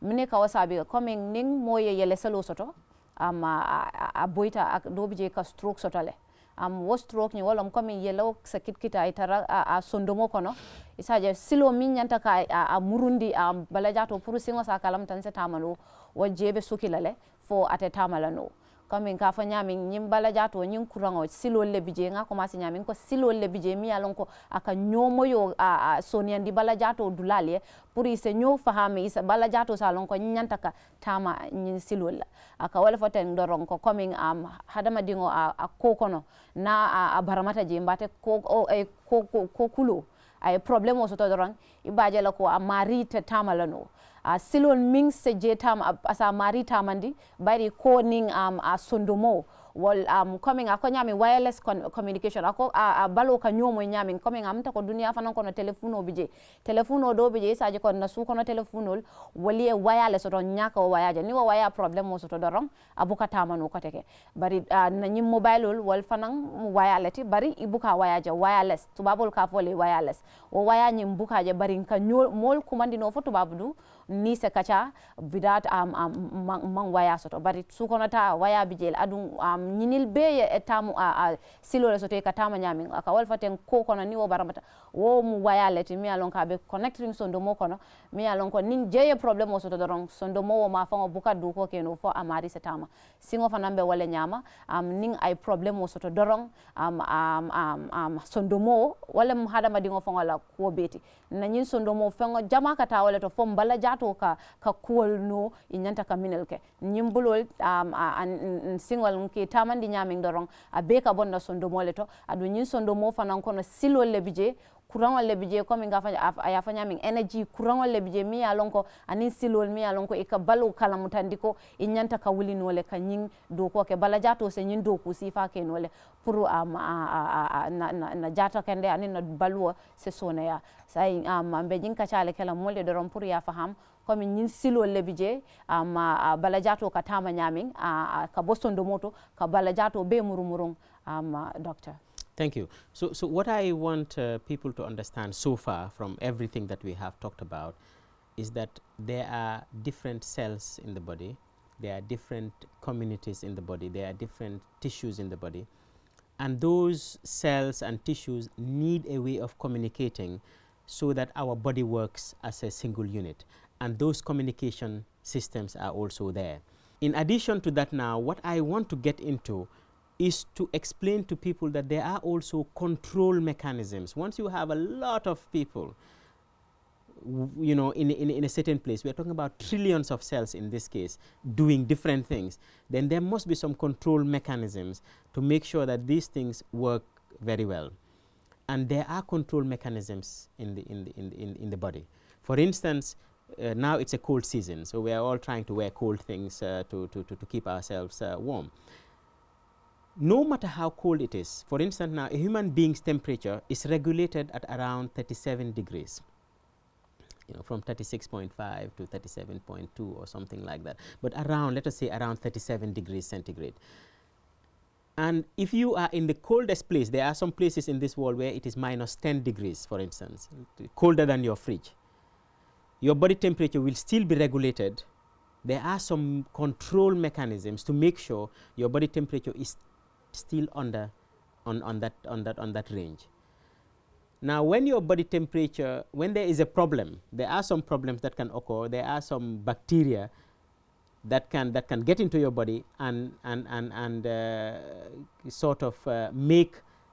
S2: mine ka wasabi coming nin moye yele selo soto am a boita ak dobije ka stroke soto le am wo stroke ni wala coming yele sa kitkita itara a, a sondomo kono isaje silo min nyanta ka a, a murundi am balajato puru singo sa kalam tan se tamanu wo jebe sukilale fo ate tamalano kamin ka fa ñamin nyin bala jato ñin kurango silol le bije nga koma si nyamin ko silol le bije mi alon ko aka nyomo yo a, a sonian di bala jato dulale pour ise nyo fahami isa bala jato salon ko nyanta ka tama nyin silol la aka wala foten doron ko coming am hadama dingo a, a kokono na a, a baramata je mbate ko o, e, ko, ko, ko kulo ay problème o soto doron ibaje la ko a mari te tama lano a ah, silon ming se jetam ah, asa mari tamandi bari ko ning um, a ah, sondomo wal am um, coming ako nyami wireless con communication ako a, a balo ka nyomo nyami coming am ta ko dunia duniya fanan kono telephone o bije telephone o do bije sa je ko na su ko no telephone wali e wireless to nyaka wayaje ni o waya problem o soto doron abuka tamanu ko teke bari na nyim mobile ol wal fanan wireless bari ibuka wayaje wireless tubabol ka fole wireless o waya nyim buka je bari ka nyol mol kumandi no fo babdu ni se kaca vidat am um, um, man waya soto bari ta waya bijel adum um, ñinil be e eh, tamu a, ah, a ah, silole soto ka tama nyami aka walfaten ko kono ni wo baramata wo mu waya leti mi alon ka be connecting sondo mo kono mi alon ko nin jeye problème soto doron sondo mo wo ma fango buka du ko keno fo amari se tama singo nambe wala ñama am um, nin ay problème o soto doron am um, am um, am um, um, sondo mo wala mu hadama dingo fango la ko beti na sondo mo fango jama kata wala to fo mbala jat kato ka ka kuol no nyanta ka minel ke nyimbulol um, an singol ke tamandi nyaming dorong a be ka bonna sondo mole to adu nyin sondo mo fanan kono silol lebije courant le bije comme nga ya fanya min energy courant le bije mi alon ko anin silol mi alon ko e ka balu kala mutandiko e nyanta ka wuli nole ka nyin do ko ke bala jato se nyin do ku sifa ke nole pour um, a na na jato kende ani na balu se sona ya sai um, am be jin ka chale kala mole do rom pour ya faham ka moto ka be murumurung doctor
S1: Thank you. So, so what I want uh, people to understand so far from everything that we have talked about is that there are different cells in the body, there are different communities in the body, there are different tissues in the body, and those cells and tissues need a way of communicating so that our body works as a single unit and those communication systems are also there. In addition to that now, what I want to get into is to explain to people that there are also control mechanisms. Once you have a lot of people, you know, in, in, in, a certain place, we are talking about trillions of cells in this case, doing different things, then there must be some control mechanisms to make sure that these things work very well. And there are control mechanisms in the, in the, in the, in, in the body. For instance, uh, now it's a cold season, so we are all trying to wear cold things uh, to, to, to, to, keep ourselves uh, warm. No matter how cold it is, for instance, now a human being's temperature is regulated at around 37 degrees. You know, from 36.5 to 37.2 or something like that, but around, let us say, around 37 degrees centigrade. And if you are in the coldest place, there are some places in this world where it is minus 10 degrees, for instance, colder than your fridge your body temperature will still be regulated. There are some control mechanisms to make sure your body temperature is still under on, on, that, on, that, on that range. Now, when your body temperature, when there is a problem, there are some problems that can occur, there are some bacteria that can, that can get into your body and, and, and, and uh, sort of uh, make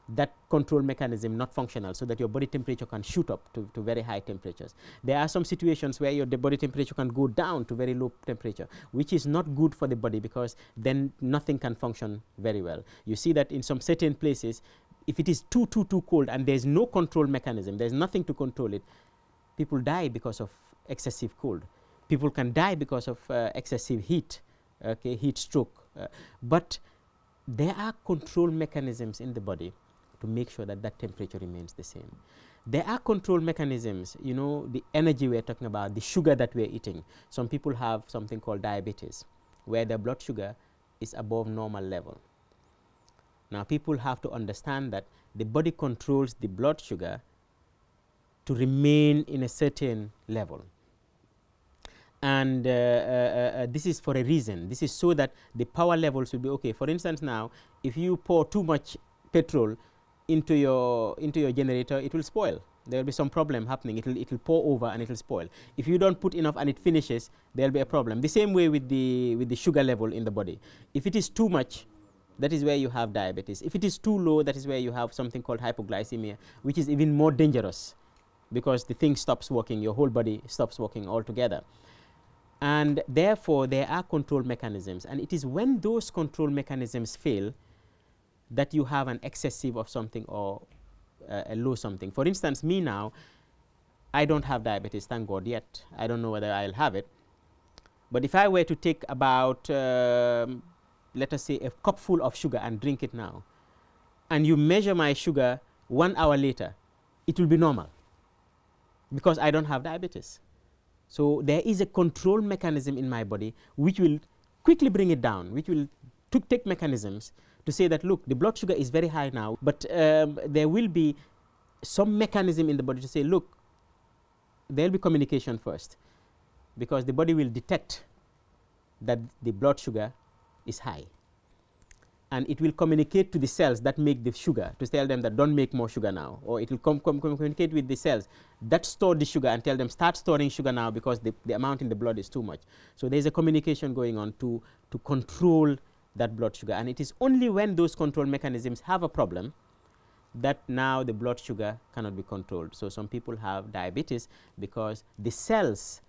S1: that control mechanism not functional so that your body temperature can shoot up to, to very high temperatures. There are some situations where your body temperature can go down to very low temperature, which is not good for the body because then nothing can function very well. You see that in some certain places, if it is too, too, too cold and there's no control mechanism, there's nothing to control it, people die because of excessive cold. People can die because of uh, excessive heat, okay, heat stroke. Uh, but there are control mechanisms in the body to make sure that that temperature remains the same. There are control mechanisms, you know, the energy we're talking about, the sugar that we're eating. Some people have something called diabetes, where their blood sugar is above normal level. Now, people have to understand that the body controls the blood sugar to remain in a certain level. And uh, uh, uh, this is for a reason. This is so that the power levels will be okay. For instance, now, if you pour too much petrol, into your into your generator, it will spoil. There will be some problem happening. It'll it'll pour over and it'll spoil. If you don't put enough and it finishes, there'll be a problem. The same way with the with the sugar level in the body. If it is too much, that is where you have diabetes. If it is too low, that is where you have something called hypoglycemia, which is even more dangerous because the thing stops working, your whole body stops working altogether. And therefore, there are control mechanisms. And it is when those control mechanisms fail that you have an excessive of something or uh, a low something. For instance, me now, I don't have diabetes, thank God, yet. I don't know whether I'll have it. But if I were to take about, um, let us say, a cupful of sugar and drink it now, and you measure my sugar one hour later, it will be normal because I don't have diabetes. So there is a control mechanism in my body which will quickly bring it down, which will take mechanisms to say that look, the blood sugar is very high now, but um, there will be some mechanism in the body to say, look, there'll be communication first because the body will detect that the blood sugar is high. And it will communicate to the cells that make the sugar to tell them that don't make more sugar now. Or it will com com communicate with the cells that store the sugar and tell them start storing sugar now because the, the amount in the blood is too much. So there's a communication going on to, to control that blood sugar. And it is only when those control mechanisms have a problem that now the blood sugar cannot be controlled. So, some people have diabetes because the cells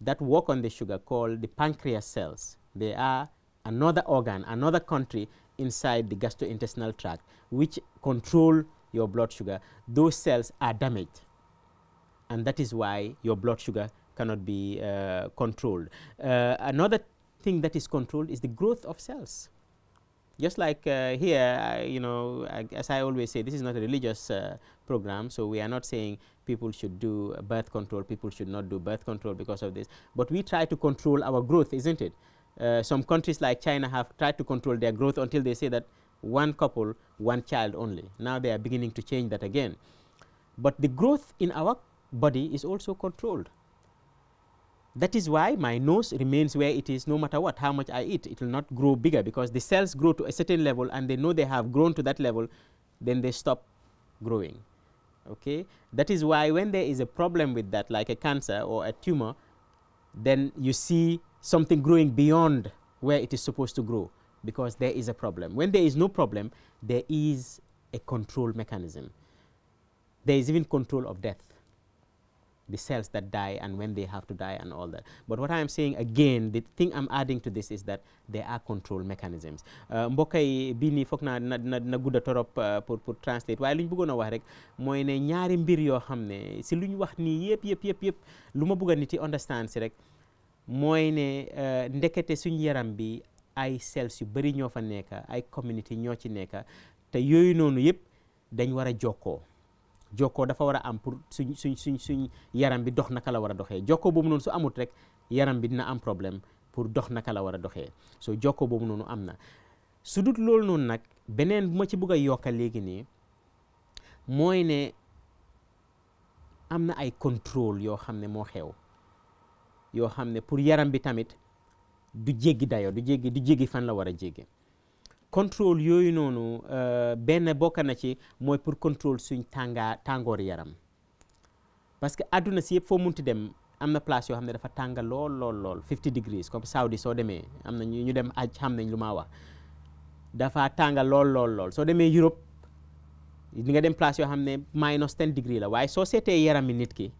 S1: that work on the sugar called the pancreas cells, they are another organ, another country inside the gastrointestinal tract which control your blood sugar. Those cells are damaged and that is why your blood sugar cannot be uh, controlled. Uh, another thing that is controlled is the growth of cells. Just like uh, here, I, you know, I, as I always say, this is not a religious uh, program, so we are not saying people should do birth control, people should not do birth control because of this, but we try to control our growth, isn't it? Uh, some countries like China have tried to control their growth until they say that one couple, one child only. Now they are beginning to change that again. But the growth in our body is also controlled that is why my nose remains where it is no matter what, how much I eat. It will not grow bigger because the cells grow to a certain level and they know they have grown to that level, then they stop growing. Okay? That is why when there is a problem with that, like a cancer or a tumor, then you see something growing beyond where it is supposed to grow because there is a problem. When there is no problem, there is a control mechanism. There is even control of death the cells that die and when they have to die and all that. But what I am saying again, the thing I'm adding to this is that there are control mechanisms. Uh, mbokk yi bii nii foog naa na na gudda torop uh, pour pour translate waaye lu ñu bëggoon a wax rek mooy ne ñaari mbir yoo xam ne si lu ñu wax nii yëpp yëpp yëpp yëpp lu ma bëgg a nit yi understand rek mooy ne uh, ndekete suñ yaram bi ay cells yu bëri ñoo fa nekk ay community ñoo ci nekk te yooyu noonu yëpp dañ war a jokkoo. jokkoo dafa war a am pour suñ suñ suñ suñ yaram bi dox naka la war a doxee jokkoo boobu noonu su amut rek yaram bi dina am problème pour dox naka la war a doxee so jokkoo boobu noonu am na su dut loolu noonu nag beneen bu ma ci bëgg a yokkal léegi nii mooy ne am na ay control yoo xam ne moo xew yoo xam ne pour yaram bi tamit du jéggi dayoo du jéggi du jéggi fan la war a jéggi contrôle yooyu noonu euh, benn bokk na ci mooy pour contrôle suñ tàngaa tàngoor yaram parce que àdduna si yëpp foo mun ti dem am na place yoo xam ne dafa tànga lool lool lool 50 degrees comme Saudi soo demee am na ñu dem aj xam nañ lu maa wax dafa tànga lool lool lool soo demee Europe di nga dem place yoo xam ne minus 10 degré la waaye soo seetee yaram mi nit ki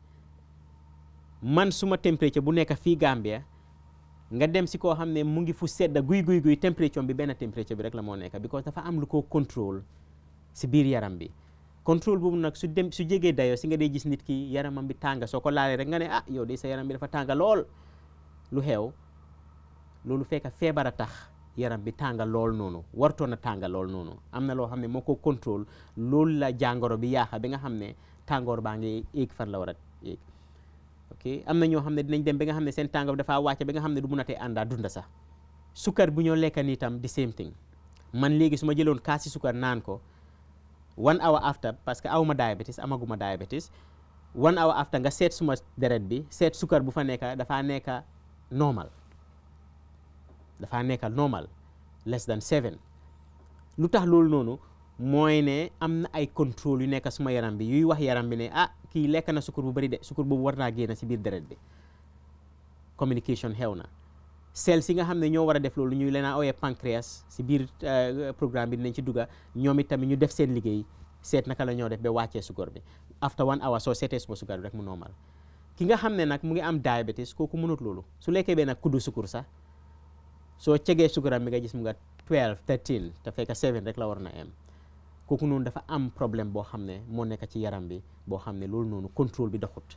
S1: man suma température bu nekk fii Gambia nga dem si koo xam ne mu ngi fu sedda guy guy guy température bi benn température bi rek la moo nekk because dafa am lu ko contrôle si biir yaram bi contrôle boobu nag su dem su jegee dayoo si nga dee gis nit ki yaramam bi tàng soo ko laalee rek ne ah yow de sa yaram bi dafa tàng lool lu xew loolu fekk feebar a tax yaram bi tàng lool noonu wartoon na tàng lool noonu am na loo xam ne moo ko contrôle loolu la jàngoro bi yaaxa bi nga xam ne tàngoor baa ngi éeg fan la war a éeg ok am na ñoo xam ne dinañ dem bi nga xam ne seen tàngam dafa wàcce bi nga xam ne du mun a tee àndaa dunda sax sukkar bu ñoo lekkan itam the same thing man léegi su ma jëloon kaasi sukkar naan ko one hour after parce que awma diabetes amaguma diabetes one hour after nga seet suma deret bi seet sukkar bu fa nekka dafaa nekka normal dafaa nekka normal less than seven lu tax loolu noonu mooy ne am na ay contrôle yu nekk suma yaram bi yuy wax yaram bi ne ah kii lekk na sukur bu bari de sukur boobu war naa génn si biir deret bi communication xew na cells si nga xam ne ñoo war a def loolu ñuy leen a ooyee si biir euh, programme bi dinañ ci dugga ñoom it ñu def seen liggéey seet naka la ñoo def ba wàccee sukur bi after one hour soo seetee suma sukur bi rek mu normal ki nga xam ne nag mu ngi am diabetes kooku mënut loolu su lekkee benn kuddu sukur sax soo cegee sukuram bi nga gis mu nga 12 13 te fekk 7 rek la war na am kooku noonu dafa am problème boo xam ne moo nekk ci yaram bi boo xam ne loolu noonu contrôle bi doxut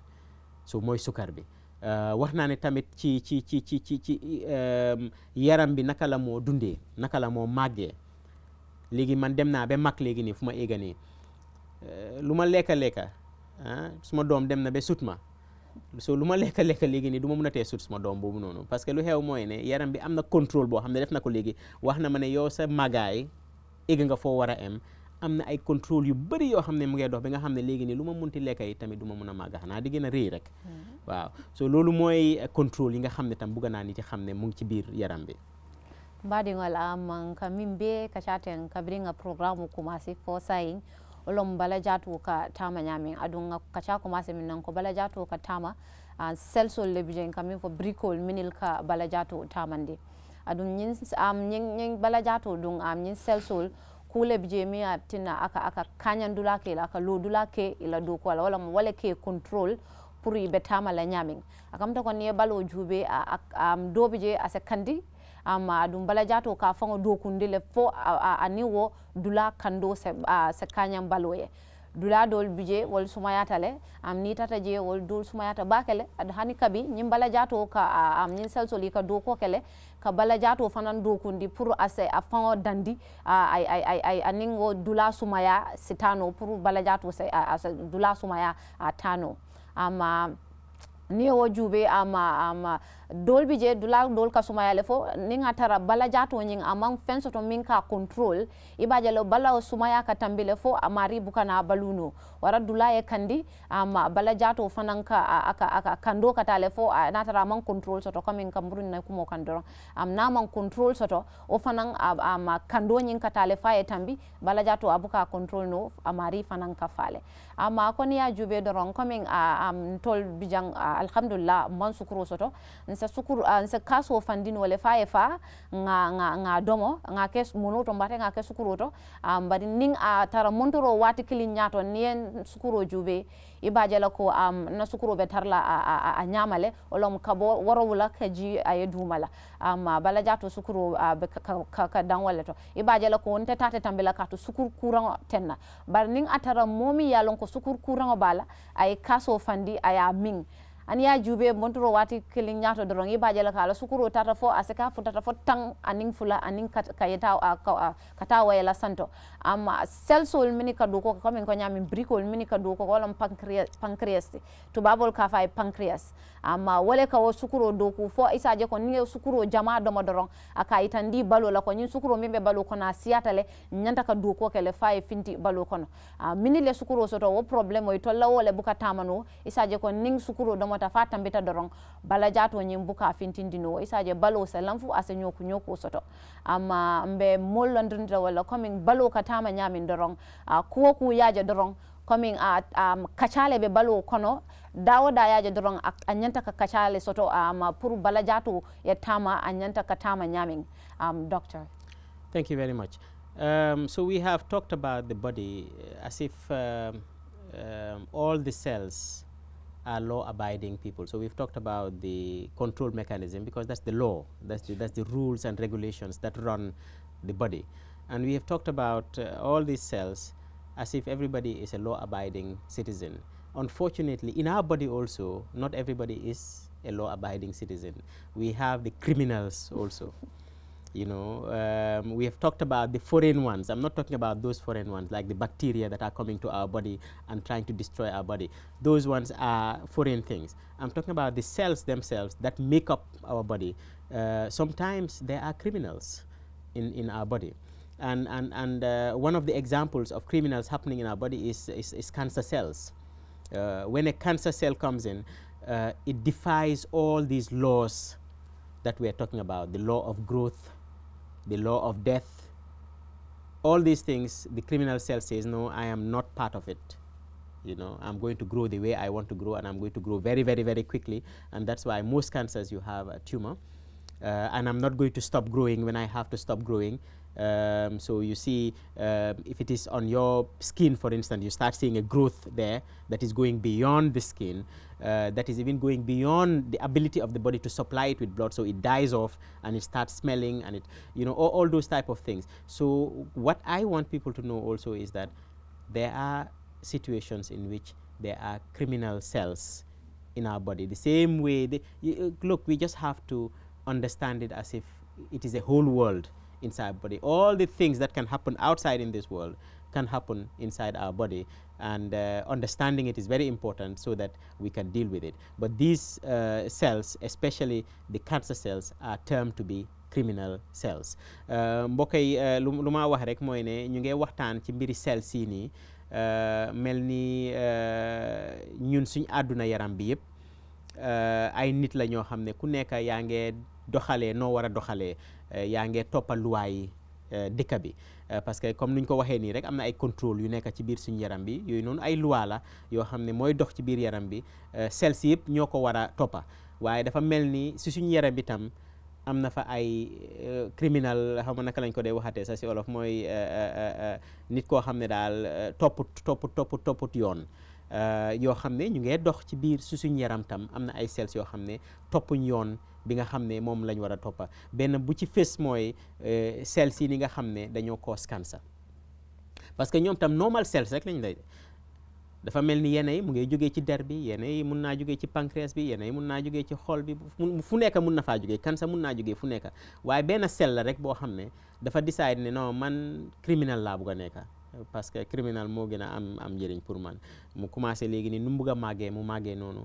S1: so mooy sukar bi euh, wax naa ne tamit ci ci ci ci ci ci euh, yaram bi naka la moo dundee naka la moo màggee léegi man dem naa ba mag léegi nii fu ma éega nii euh, lu ma lekka lekka ah suma doom dem na ba sut ma so ma lekka lekka léegi nii du ma mun a tee sut suma doom boobu noonu parce que lu xew mooy ne yaram bi am na contrôle boo xam ne def na ko léegi wax na ma ne yow sa màggaay éeg nga foo war a am am na ay contrôle yu bëri yoo xam ne mu ngay dox bi nga xam ne léegi nii lu ma munti lek ay tamit duma ma mun a màgg xanaa a rek hmm. waaw so loolu mooy contrôle yi nga xam ne tam bugg naa ni yi xam ne mu ngi ci biir yaram bi
S2: ngol am ka ka chaten ka caten kabiriŋa programme kumasi fo sayin olom bala jatu ka tama ñamin aduŋa kaca kumasi min nan ko bala jatu ka tama sel sol le bijen kamin fo bricol minil ka bala jatu tamandi adun nyin am nyin bala jatu dung am nyin sel selsol kule bijemia tina aka aka kanya dula ke ila aka lu dula ke ila do ko ala wala wala ke control pour i betama la nyamin akamta ko ne balo jube a, a, do bije ase kandi ama adum bala jato ka fango do kundile le fo aniwo dula kando se, a, se kanyan balo duladol bije wol sumayata le am ni tata je wol dol sumayata bakele ad hani kabi nyim bala jato ka am nyin selsoli ka do ko kele ka bala jato fanan do kundi pour ase a fan dandi ay ay ay dula sumaya sitano pour bala jato se dula sumaya tano ama ni wo jube ama dol bije dula dol kasuma yale fo nga tara bala jato ni nga amang fenso to minka control iba jalo bala o sumaya ka tambile fo amari buka na baluno wara dula ye kandi ama bala jato fananka aka aka kando katale fo na tara amang control soto kamin kamburun na kumo kandoro am na amang control soto o fanan ama kando ni nga katale fa ye tambi bala jato abuka control no amari fananka fale ama akoni ya jube doron kamin am tol bijang alhamdulillah man sukuro soto nsa sukur uh, ah, nsa kaso fandin wala fa e fa nga nga nga domo nga ke monoto mbate nga ke sukuro to ah, bari ning a ah, tara montoro wati kili nyato nien sukuro jube ibaje la ko um, na sukuro be tarla a, a, a, a nyamale olom kabo woro wala aye dumala um, bala sukuro uh, be ka, ka, ka, dan wala to ibaje ko nte tate tambela ka sukur kuran tenna bari ning atara momi yalon ko sukur kuran bala ay kaso fandi aya ming ani ya jube montoro wati kilin nyato doron i bajala kala sukuro tata fo aseka fu tata fo tang aning fula aning kat, kayeta a, kata a santo ama amma cellsol mini ka dow ko min ko ñamin bricol mini ka ko lam pancreas pancreas to babol ka fay pancreas ama wole ka wo sukuro dow ku fo isaje ko ni sukuro jama do doron aka itandi balo la ko ñin sukuro min balo ko na siyata le ñanta ka dow ke le fay finti balo ko no ah, mini le sukuro soto wo problème o tolla wole buka tamano isaje ko ning sukuro do mota fata mbita doron bala jato ñin buka finti fintindino isaje balo se lanfu ase ñoku ñoku soto ama mbe mollondinta walla commin balo ka tama dorong uh, ah, kuwo ku dorong coming um, kono ka soto um, ka tama um, doctor
S1: thank you very much um, so we have talked about the body eh, as if um, um, all the cells are law-abiding people. So we've talked about the control mechanism because that's the law, that's the, that's the rules and regulations that run the body. And we have talked about uh, all these cells as if everybody is a law-abiding citizen. Unfortunately, in our body also, not everybody is a law-abiding citizen. We have the criminals also. You know, um, we have talked about the foreign ones. I'm not talking about those foreign ones, like the bacteria that are coming to our body and trying to destroy our body. Those ones are foreign things. I'm talking about the cells themselves that make up our body. Uh, sometimes they are criminals in, in our body. And, and, and uh, one of the examples of criminals happening in our body is, is, is cancer cells. Uh, when a cancer cell comes in, uh, it defies all these laws that we are talking about, the law of growth, the law of death, all these things, the criminal cell says, no, I am not part of it. You know, I'm going to grow the way I want to grow, and I'm going to grow very, very, very quickly. And that's why most cancers you have a tumor. Uh, and I'm not going to stop growing when I have to stop growing. Um, so you see, uh, if it is on your skin, for instance, you start seeing a growth there that is going beyond the skin, uh, that is even going beyond the ability of the body to supply it with blood. So it dies off and it starts smelling and it, you know, all, all those type of things. So what I want people to know also is that there are situations in which there are criminal cells in our body. The same way, they, look, we just have to understand it as if it is a whole world inside body. All the things that can happen outside in this world can happen inside our body and uh, understanding it is very important so that we can deal with it. But these uh, cells, especially the cancer cells, are termed to be criminal cells. Uh, mbokk yi uh, wax rek ne ñu ngi waxtaan ci mbiri cells yi nii uh, ni ñun suñ àdduna yaram bi yëpp Euh, ay nit la ñoo xam ne ku nekk yaa ngee doxalee noo war a doxalee euh, yaa ngee toppal luwaa yi euh, bi parce que comme nuñ ko waxee nii rek am na ay contrôle yu nekk ci biir suñu yaram bi yooyu noonu ay luwaa la yoo xam ne mooy dox ci biir yaram bi sel si yëpp ñoo ko war a toppa waaye dafa mel ni si suñu yaram bi tam am na fa ay criminal xam nga naka lañ ko dee waxatee sa si olof mooy nit koo xam ne daal topput topput topput topput yoon Euh, yoo xam ne ñu ngee dox ci biir su suñu yaram tam am na ay cells yoo xam ne toppuñ yoon bi nga xam ne moom lañ war a toppa benn bu ci fës mooy euh, cells yi ni nga xam ne dañoo cause cancer parce que ñoom tam normal cells rek lañ lay dafa mel ni yenn yi mu ngay jógee ci der bi yenn yi mun naa jógee ci pancréas bi yenn yi mun naa jógee ci xool bi fu nekk mun na faa jógee cancer mun naa jógee fu nekk waaye benn cell la rek boo xam ne dafa décide ne non man criminel laa bugg a nekk par ce que criminal moo gën a am am njëriñ pour man mu commencé léegi ni nu mbugga màggee mu màggee noonu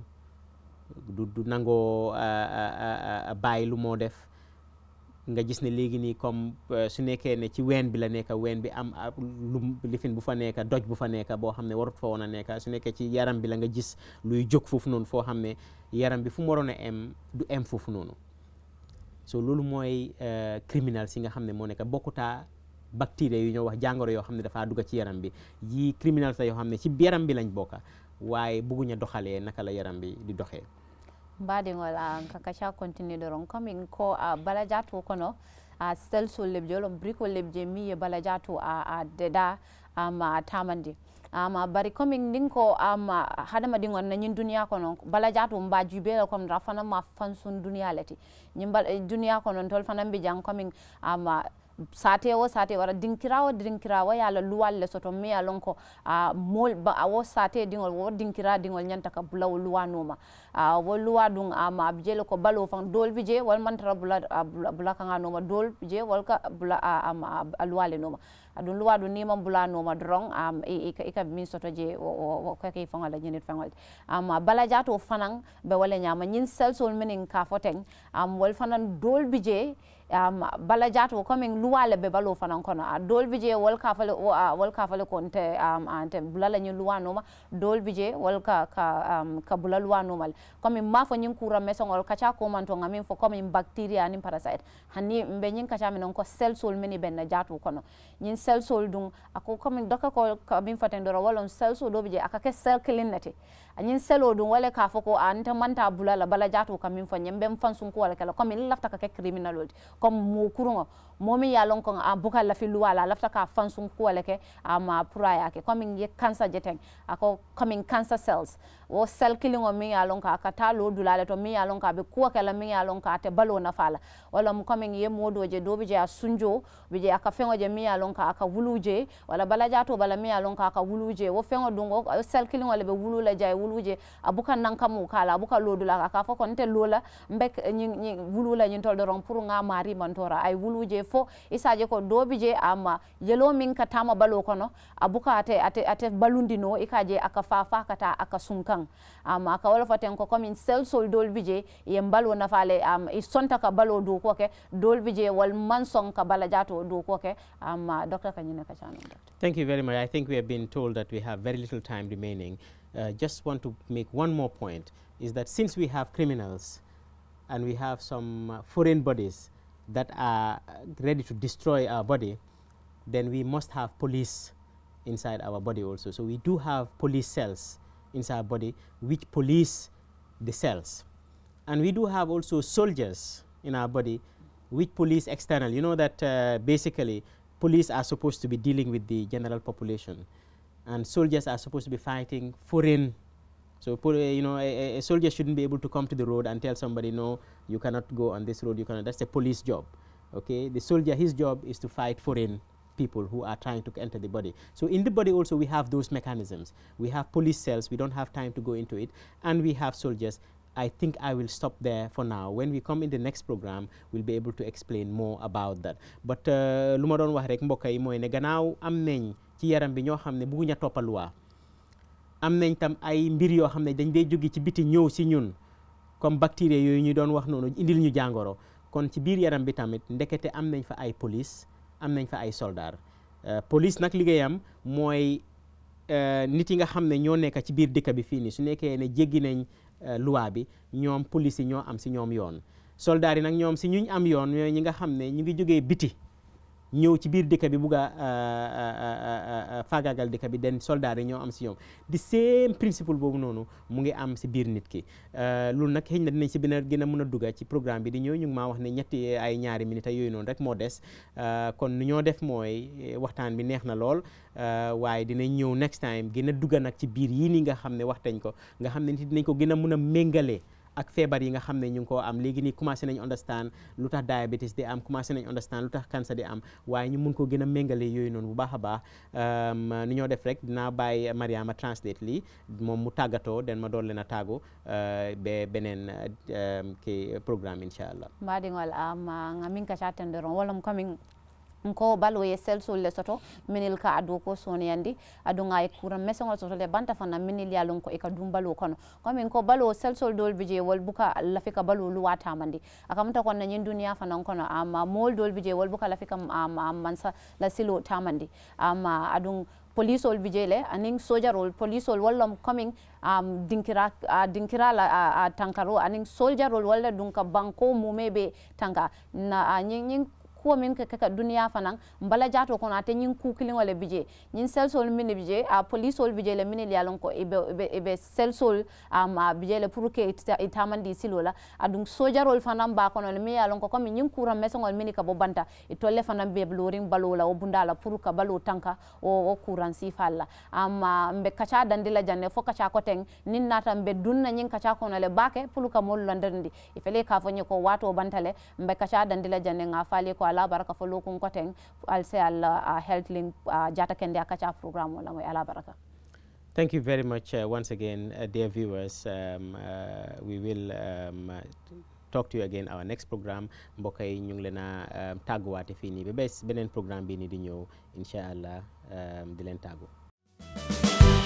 S1: du du nangoo bàyyi lu moo def nga gis ne léegi nii comme euh, su nekkee ne ci ween bi la nekk ween bi am lu lifin bu fa nekk doj bu fa nekk boo xam ne warut fa woon a nekk su nekkee ci yaram bi la nga gis luy jóg foofu noonu foo xam ne yaram bi fu mu waroon a em du em foofu noonu so loolu mooy euh, criminal si nga xam ne moo nekk bokkutaa bacteria yu ñoo wax jàngoro yoo xam ne dafaa dugg ci yaram bi yi criminal sa yoo xam ne ci yaram bi lañ bokka waaye bugguñ a doxalee naka la yaram bi di doxee
S2: mbaɗigol a ah, ca continue doron commin ko a ah, bala ko no a ah, leb lebje briko leb lebje mi bala jatu a deda ama tamandi ama bari commin ni ko ama hadama ɗigon nañin duniya kono bala jatu mba jubela comme ra fanama fansun duniya leti ñin eh, duniya no tol mbi jang commin ama sate wo sate wara dinkira wo dinkira wo yala luwal le soto me ya lonko a mol ba awo sate dingol wo dinkira dingol nyanta ka bulaw luwanoma a ah, wo luwa ɗum ama aɓe jele ko balo fan dool bije je wal mantara ah, bula bula kanga noma dool bi je walka bula ah, ama a luwale noma aɗum luwa ɗum niman bula noma doron am ika min soto je kake fangol la ñinit fangol ama bala jato fanan ɓe wala ñama ñin selsol minin ka foten am wal fanan dool bi um, bala jato coming luwale be balo fanan kono a dol bije wal ka fale uh, wal ka fale ko um, ante bulala nyi luwa noma dol bije wal ka ka um, ka bulala luwa noma comme ma fo nyin kura mesongol kacha ko man to ngamin fo comme bacteria ni parasite hani mbe nyin kacha men ko cell sol mini benna jatu kono nyin cell sol dung ako comme doka ko min faten doro walon cell sol do bije akake cell clean nati anyin selo dun wala ka foko an ta manta bula la bala jato kamin fa nyembe fan sun ko wala kala comme min lafta ka ke criminal odi comme mo kurungo momi ya lon ko a buka la fi luwala lafta ka fan sun ko wala ke ama pura ya ke min ye cancer jeteng ako min cancer cells wo cell killing o mi ya lon ka ka ta lo dula to mi ya lon ka be ko kala mi ya lon ka te balo na fala wala mo min ye modo je do bi je sunjo bi je aka fengo je mi ya lon ka aka wuluje wala bala jato bala mi ya lon ka aka wuluje wo fengo dungo cell killing wala be wulula jay wuluje abuka nankamu kala abuka lodula ka fo kon te lola mbek ñi wulula ñi tol doron pour nga mari mantora ay wuluje fo isaje ko dobije ama yelo min ka tama balo kono abuka ate ate ate balundino ikaje aka fa fa kata aka sunkan ama aka wala faten ko comme sel sol dolbije ye mbalo nafale am i sonta ka balo do ko ke dolbije wal manson ka bala jato do ko ke ama docteur kanyine ka chanu
S1: thank you very much i think we have been told that we have very little time remaining Uh, just want to make one more point is that since we have criminals and we have some uh, foreign bodies that are ready to destroy our body, then we must have police inside our body also. So we do have police cells inside our body which police the cells. And we do have also soldiers in our body which police external. You know that uh, basically police are supposed to be dealing with the general population and soldiers are supposed to be fighting foreign. So, uh, you know, a, a, soldier shouldn't be able to come to the road and tell somebody, no, you cannot go on this road, you cannot. That's a police job. Okay, the soldier, his job is to fight foreign people who are trying to enter the body. So in the body also we have those mechanisms. We have police cells, we don't have time to go into it, and we have soldiers I think I will stop there for now when we come in the next program we'll be able to explain more about that but uh, lu ma doon wax rek mbokk yi mooy ne gannaaw am nañ ci yaram bi ñoo xam ne bëgguñ a toppal luwaa am nañ tam ay mbir yoo xam ne dañ dee jóge ci biti ñëw si ñun comme bactéries yooyu ñu doon wax noonu indil ñu jàngoro kon ci biir yaram bi tamit ndekete am nañ fa ay police am nañ fa ay soldats euh, police nag liggéeyam mooy euh, nit yi nga xam ne ñoo nekk ci biir dëkk bi fii nii su nekkee ne jéggi nañ. Euh, loi bi ñoom police yi ñoo am si ñoom yoon soldaar nag ñoom si ñuñ am yoon ñooy ñi nga xam ne ñu ngi jógee biti ñëw ci biir dëkk bi bugg a euh, euh, euh, faagaagal dëkk bi den soldaar yi ñoo am si ñoom di same principle boobu noonu mu ngi am si biir nit ki loolu nag xëy na dinañ si beneen gën a mën a dugga ci programme bi di ñëw ñu ngi maa wax ne ñetti ay ñaari minutes yooyu noonu rek moo des kon nu ñoo def mooy waxtaan bi neex na lool waaye dinañ ñëw next time gën a dugga nag ci biir yii nii nga xam ne wax ko nga xam ne nit dinañ ko gën a mun a méngale ak feebar yi nga xam ne ñu ngi koo am léegi nii commencé nañ understand lu diabetes di am commencé nañ understand lu cancer di am waaye ñu mun ko gën a méngale yooyu noonu bu baax baax nu ñoo def rek dinaa bàyyi Mariama moom mu tàggatoo den ma doon leen a tàggu eh, be beneen eh, ki programme incha
S2: allah. mbaɗigol am nga ah, min kacaten doron wolom commin nko balo ye sel sol le soto minil ka adu ko soniyandi adu ga e kuran mesogol soto le banta fana minil ya lon ko e ka dum balo ko komin ko balo sel sol dol bije wol buka la fika balo lu wata akam ta kon nyin duniya fanan kono ama mol dol bije wol buka la fika lafika mansa la silo tamandi adu police ol bije le aning soja rol police ol wallam coming am dinkira dinkira la uh, uh, tankaro anin sojarol walla dun ka banko mumebe be tanka na nyin nyin kuwo min ke kaka duniya fanan mbala jato kono te nyin ku kilin le bije nyin sel sol min bije a police sol bije le min ye lon ko ibe selsol um, a bije le pour que di silola adun aduŋ sojarol fanan ba kono le mi ye lon ko comme ñin kura ngol min ka bo banta itolle fanan be lorin balo la wo bunda la pour ka balo tanka o wo kuransi fal la amma um, mbe kaca dandi la janne fo ko teng nin nata mbe dunna ñin kaca kono le bake pour ka molu londirndi ifele ka fo ñe ko wato bantale be mbe kaca dandi la janne ŋa fali ko ala baraka fo lokun koten al se al uh, health link uh, jata kende akacha program wala mo ala baraka
S1: Thank you very much uh, once again, uh, dear viewers. Um, uh, we will um, uh, talk to you again our next programme mbokk yi ñu ngi leen a um, tàgguwaate fii nii ba bés beneen programme bii nii di ñëw incha allah um, di leen tàggu.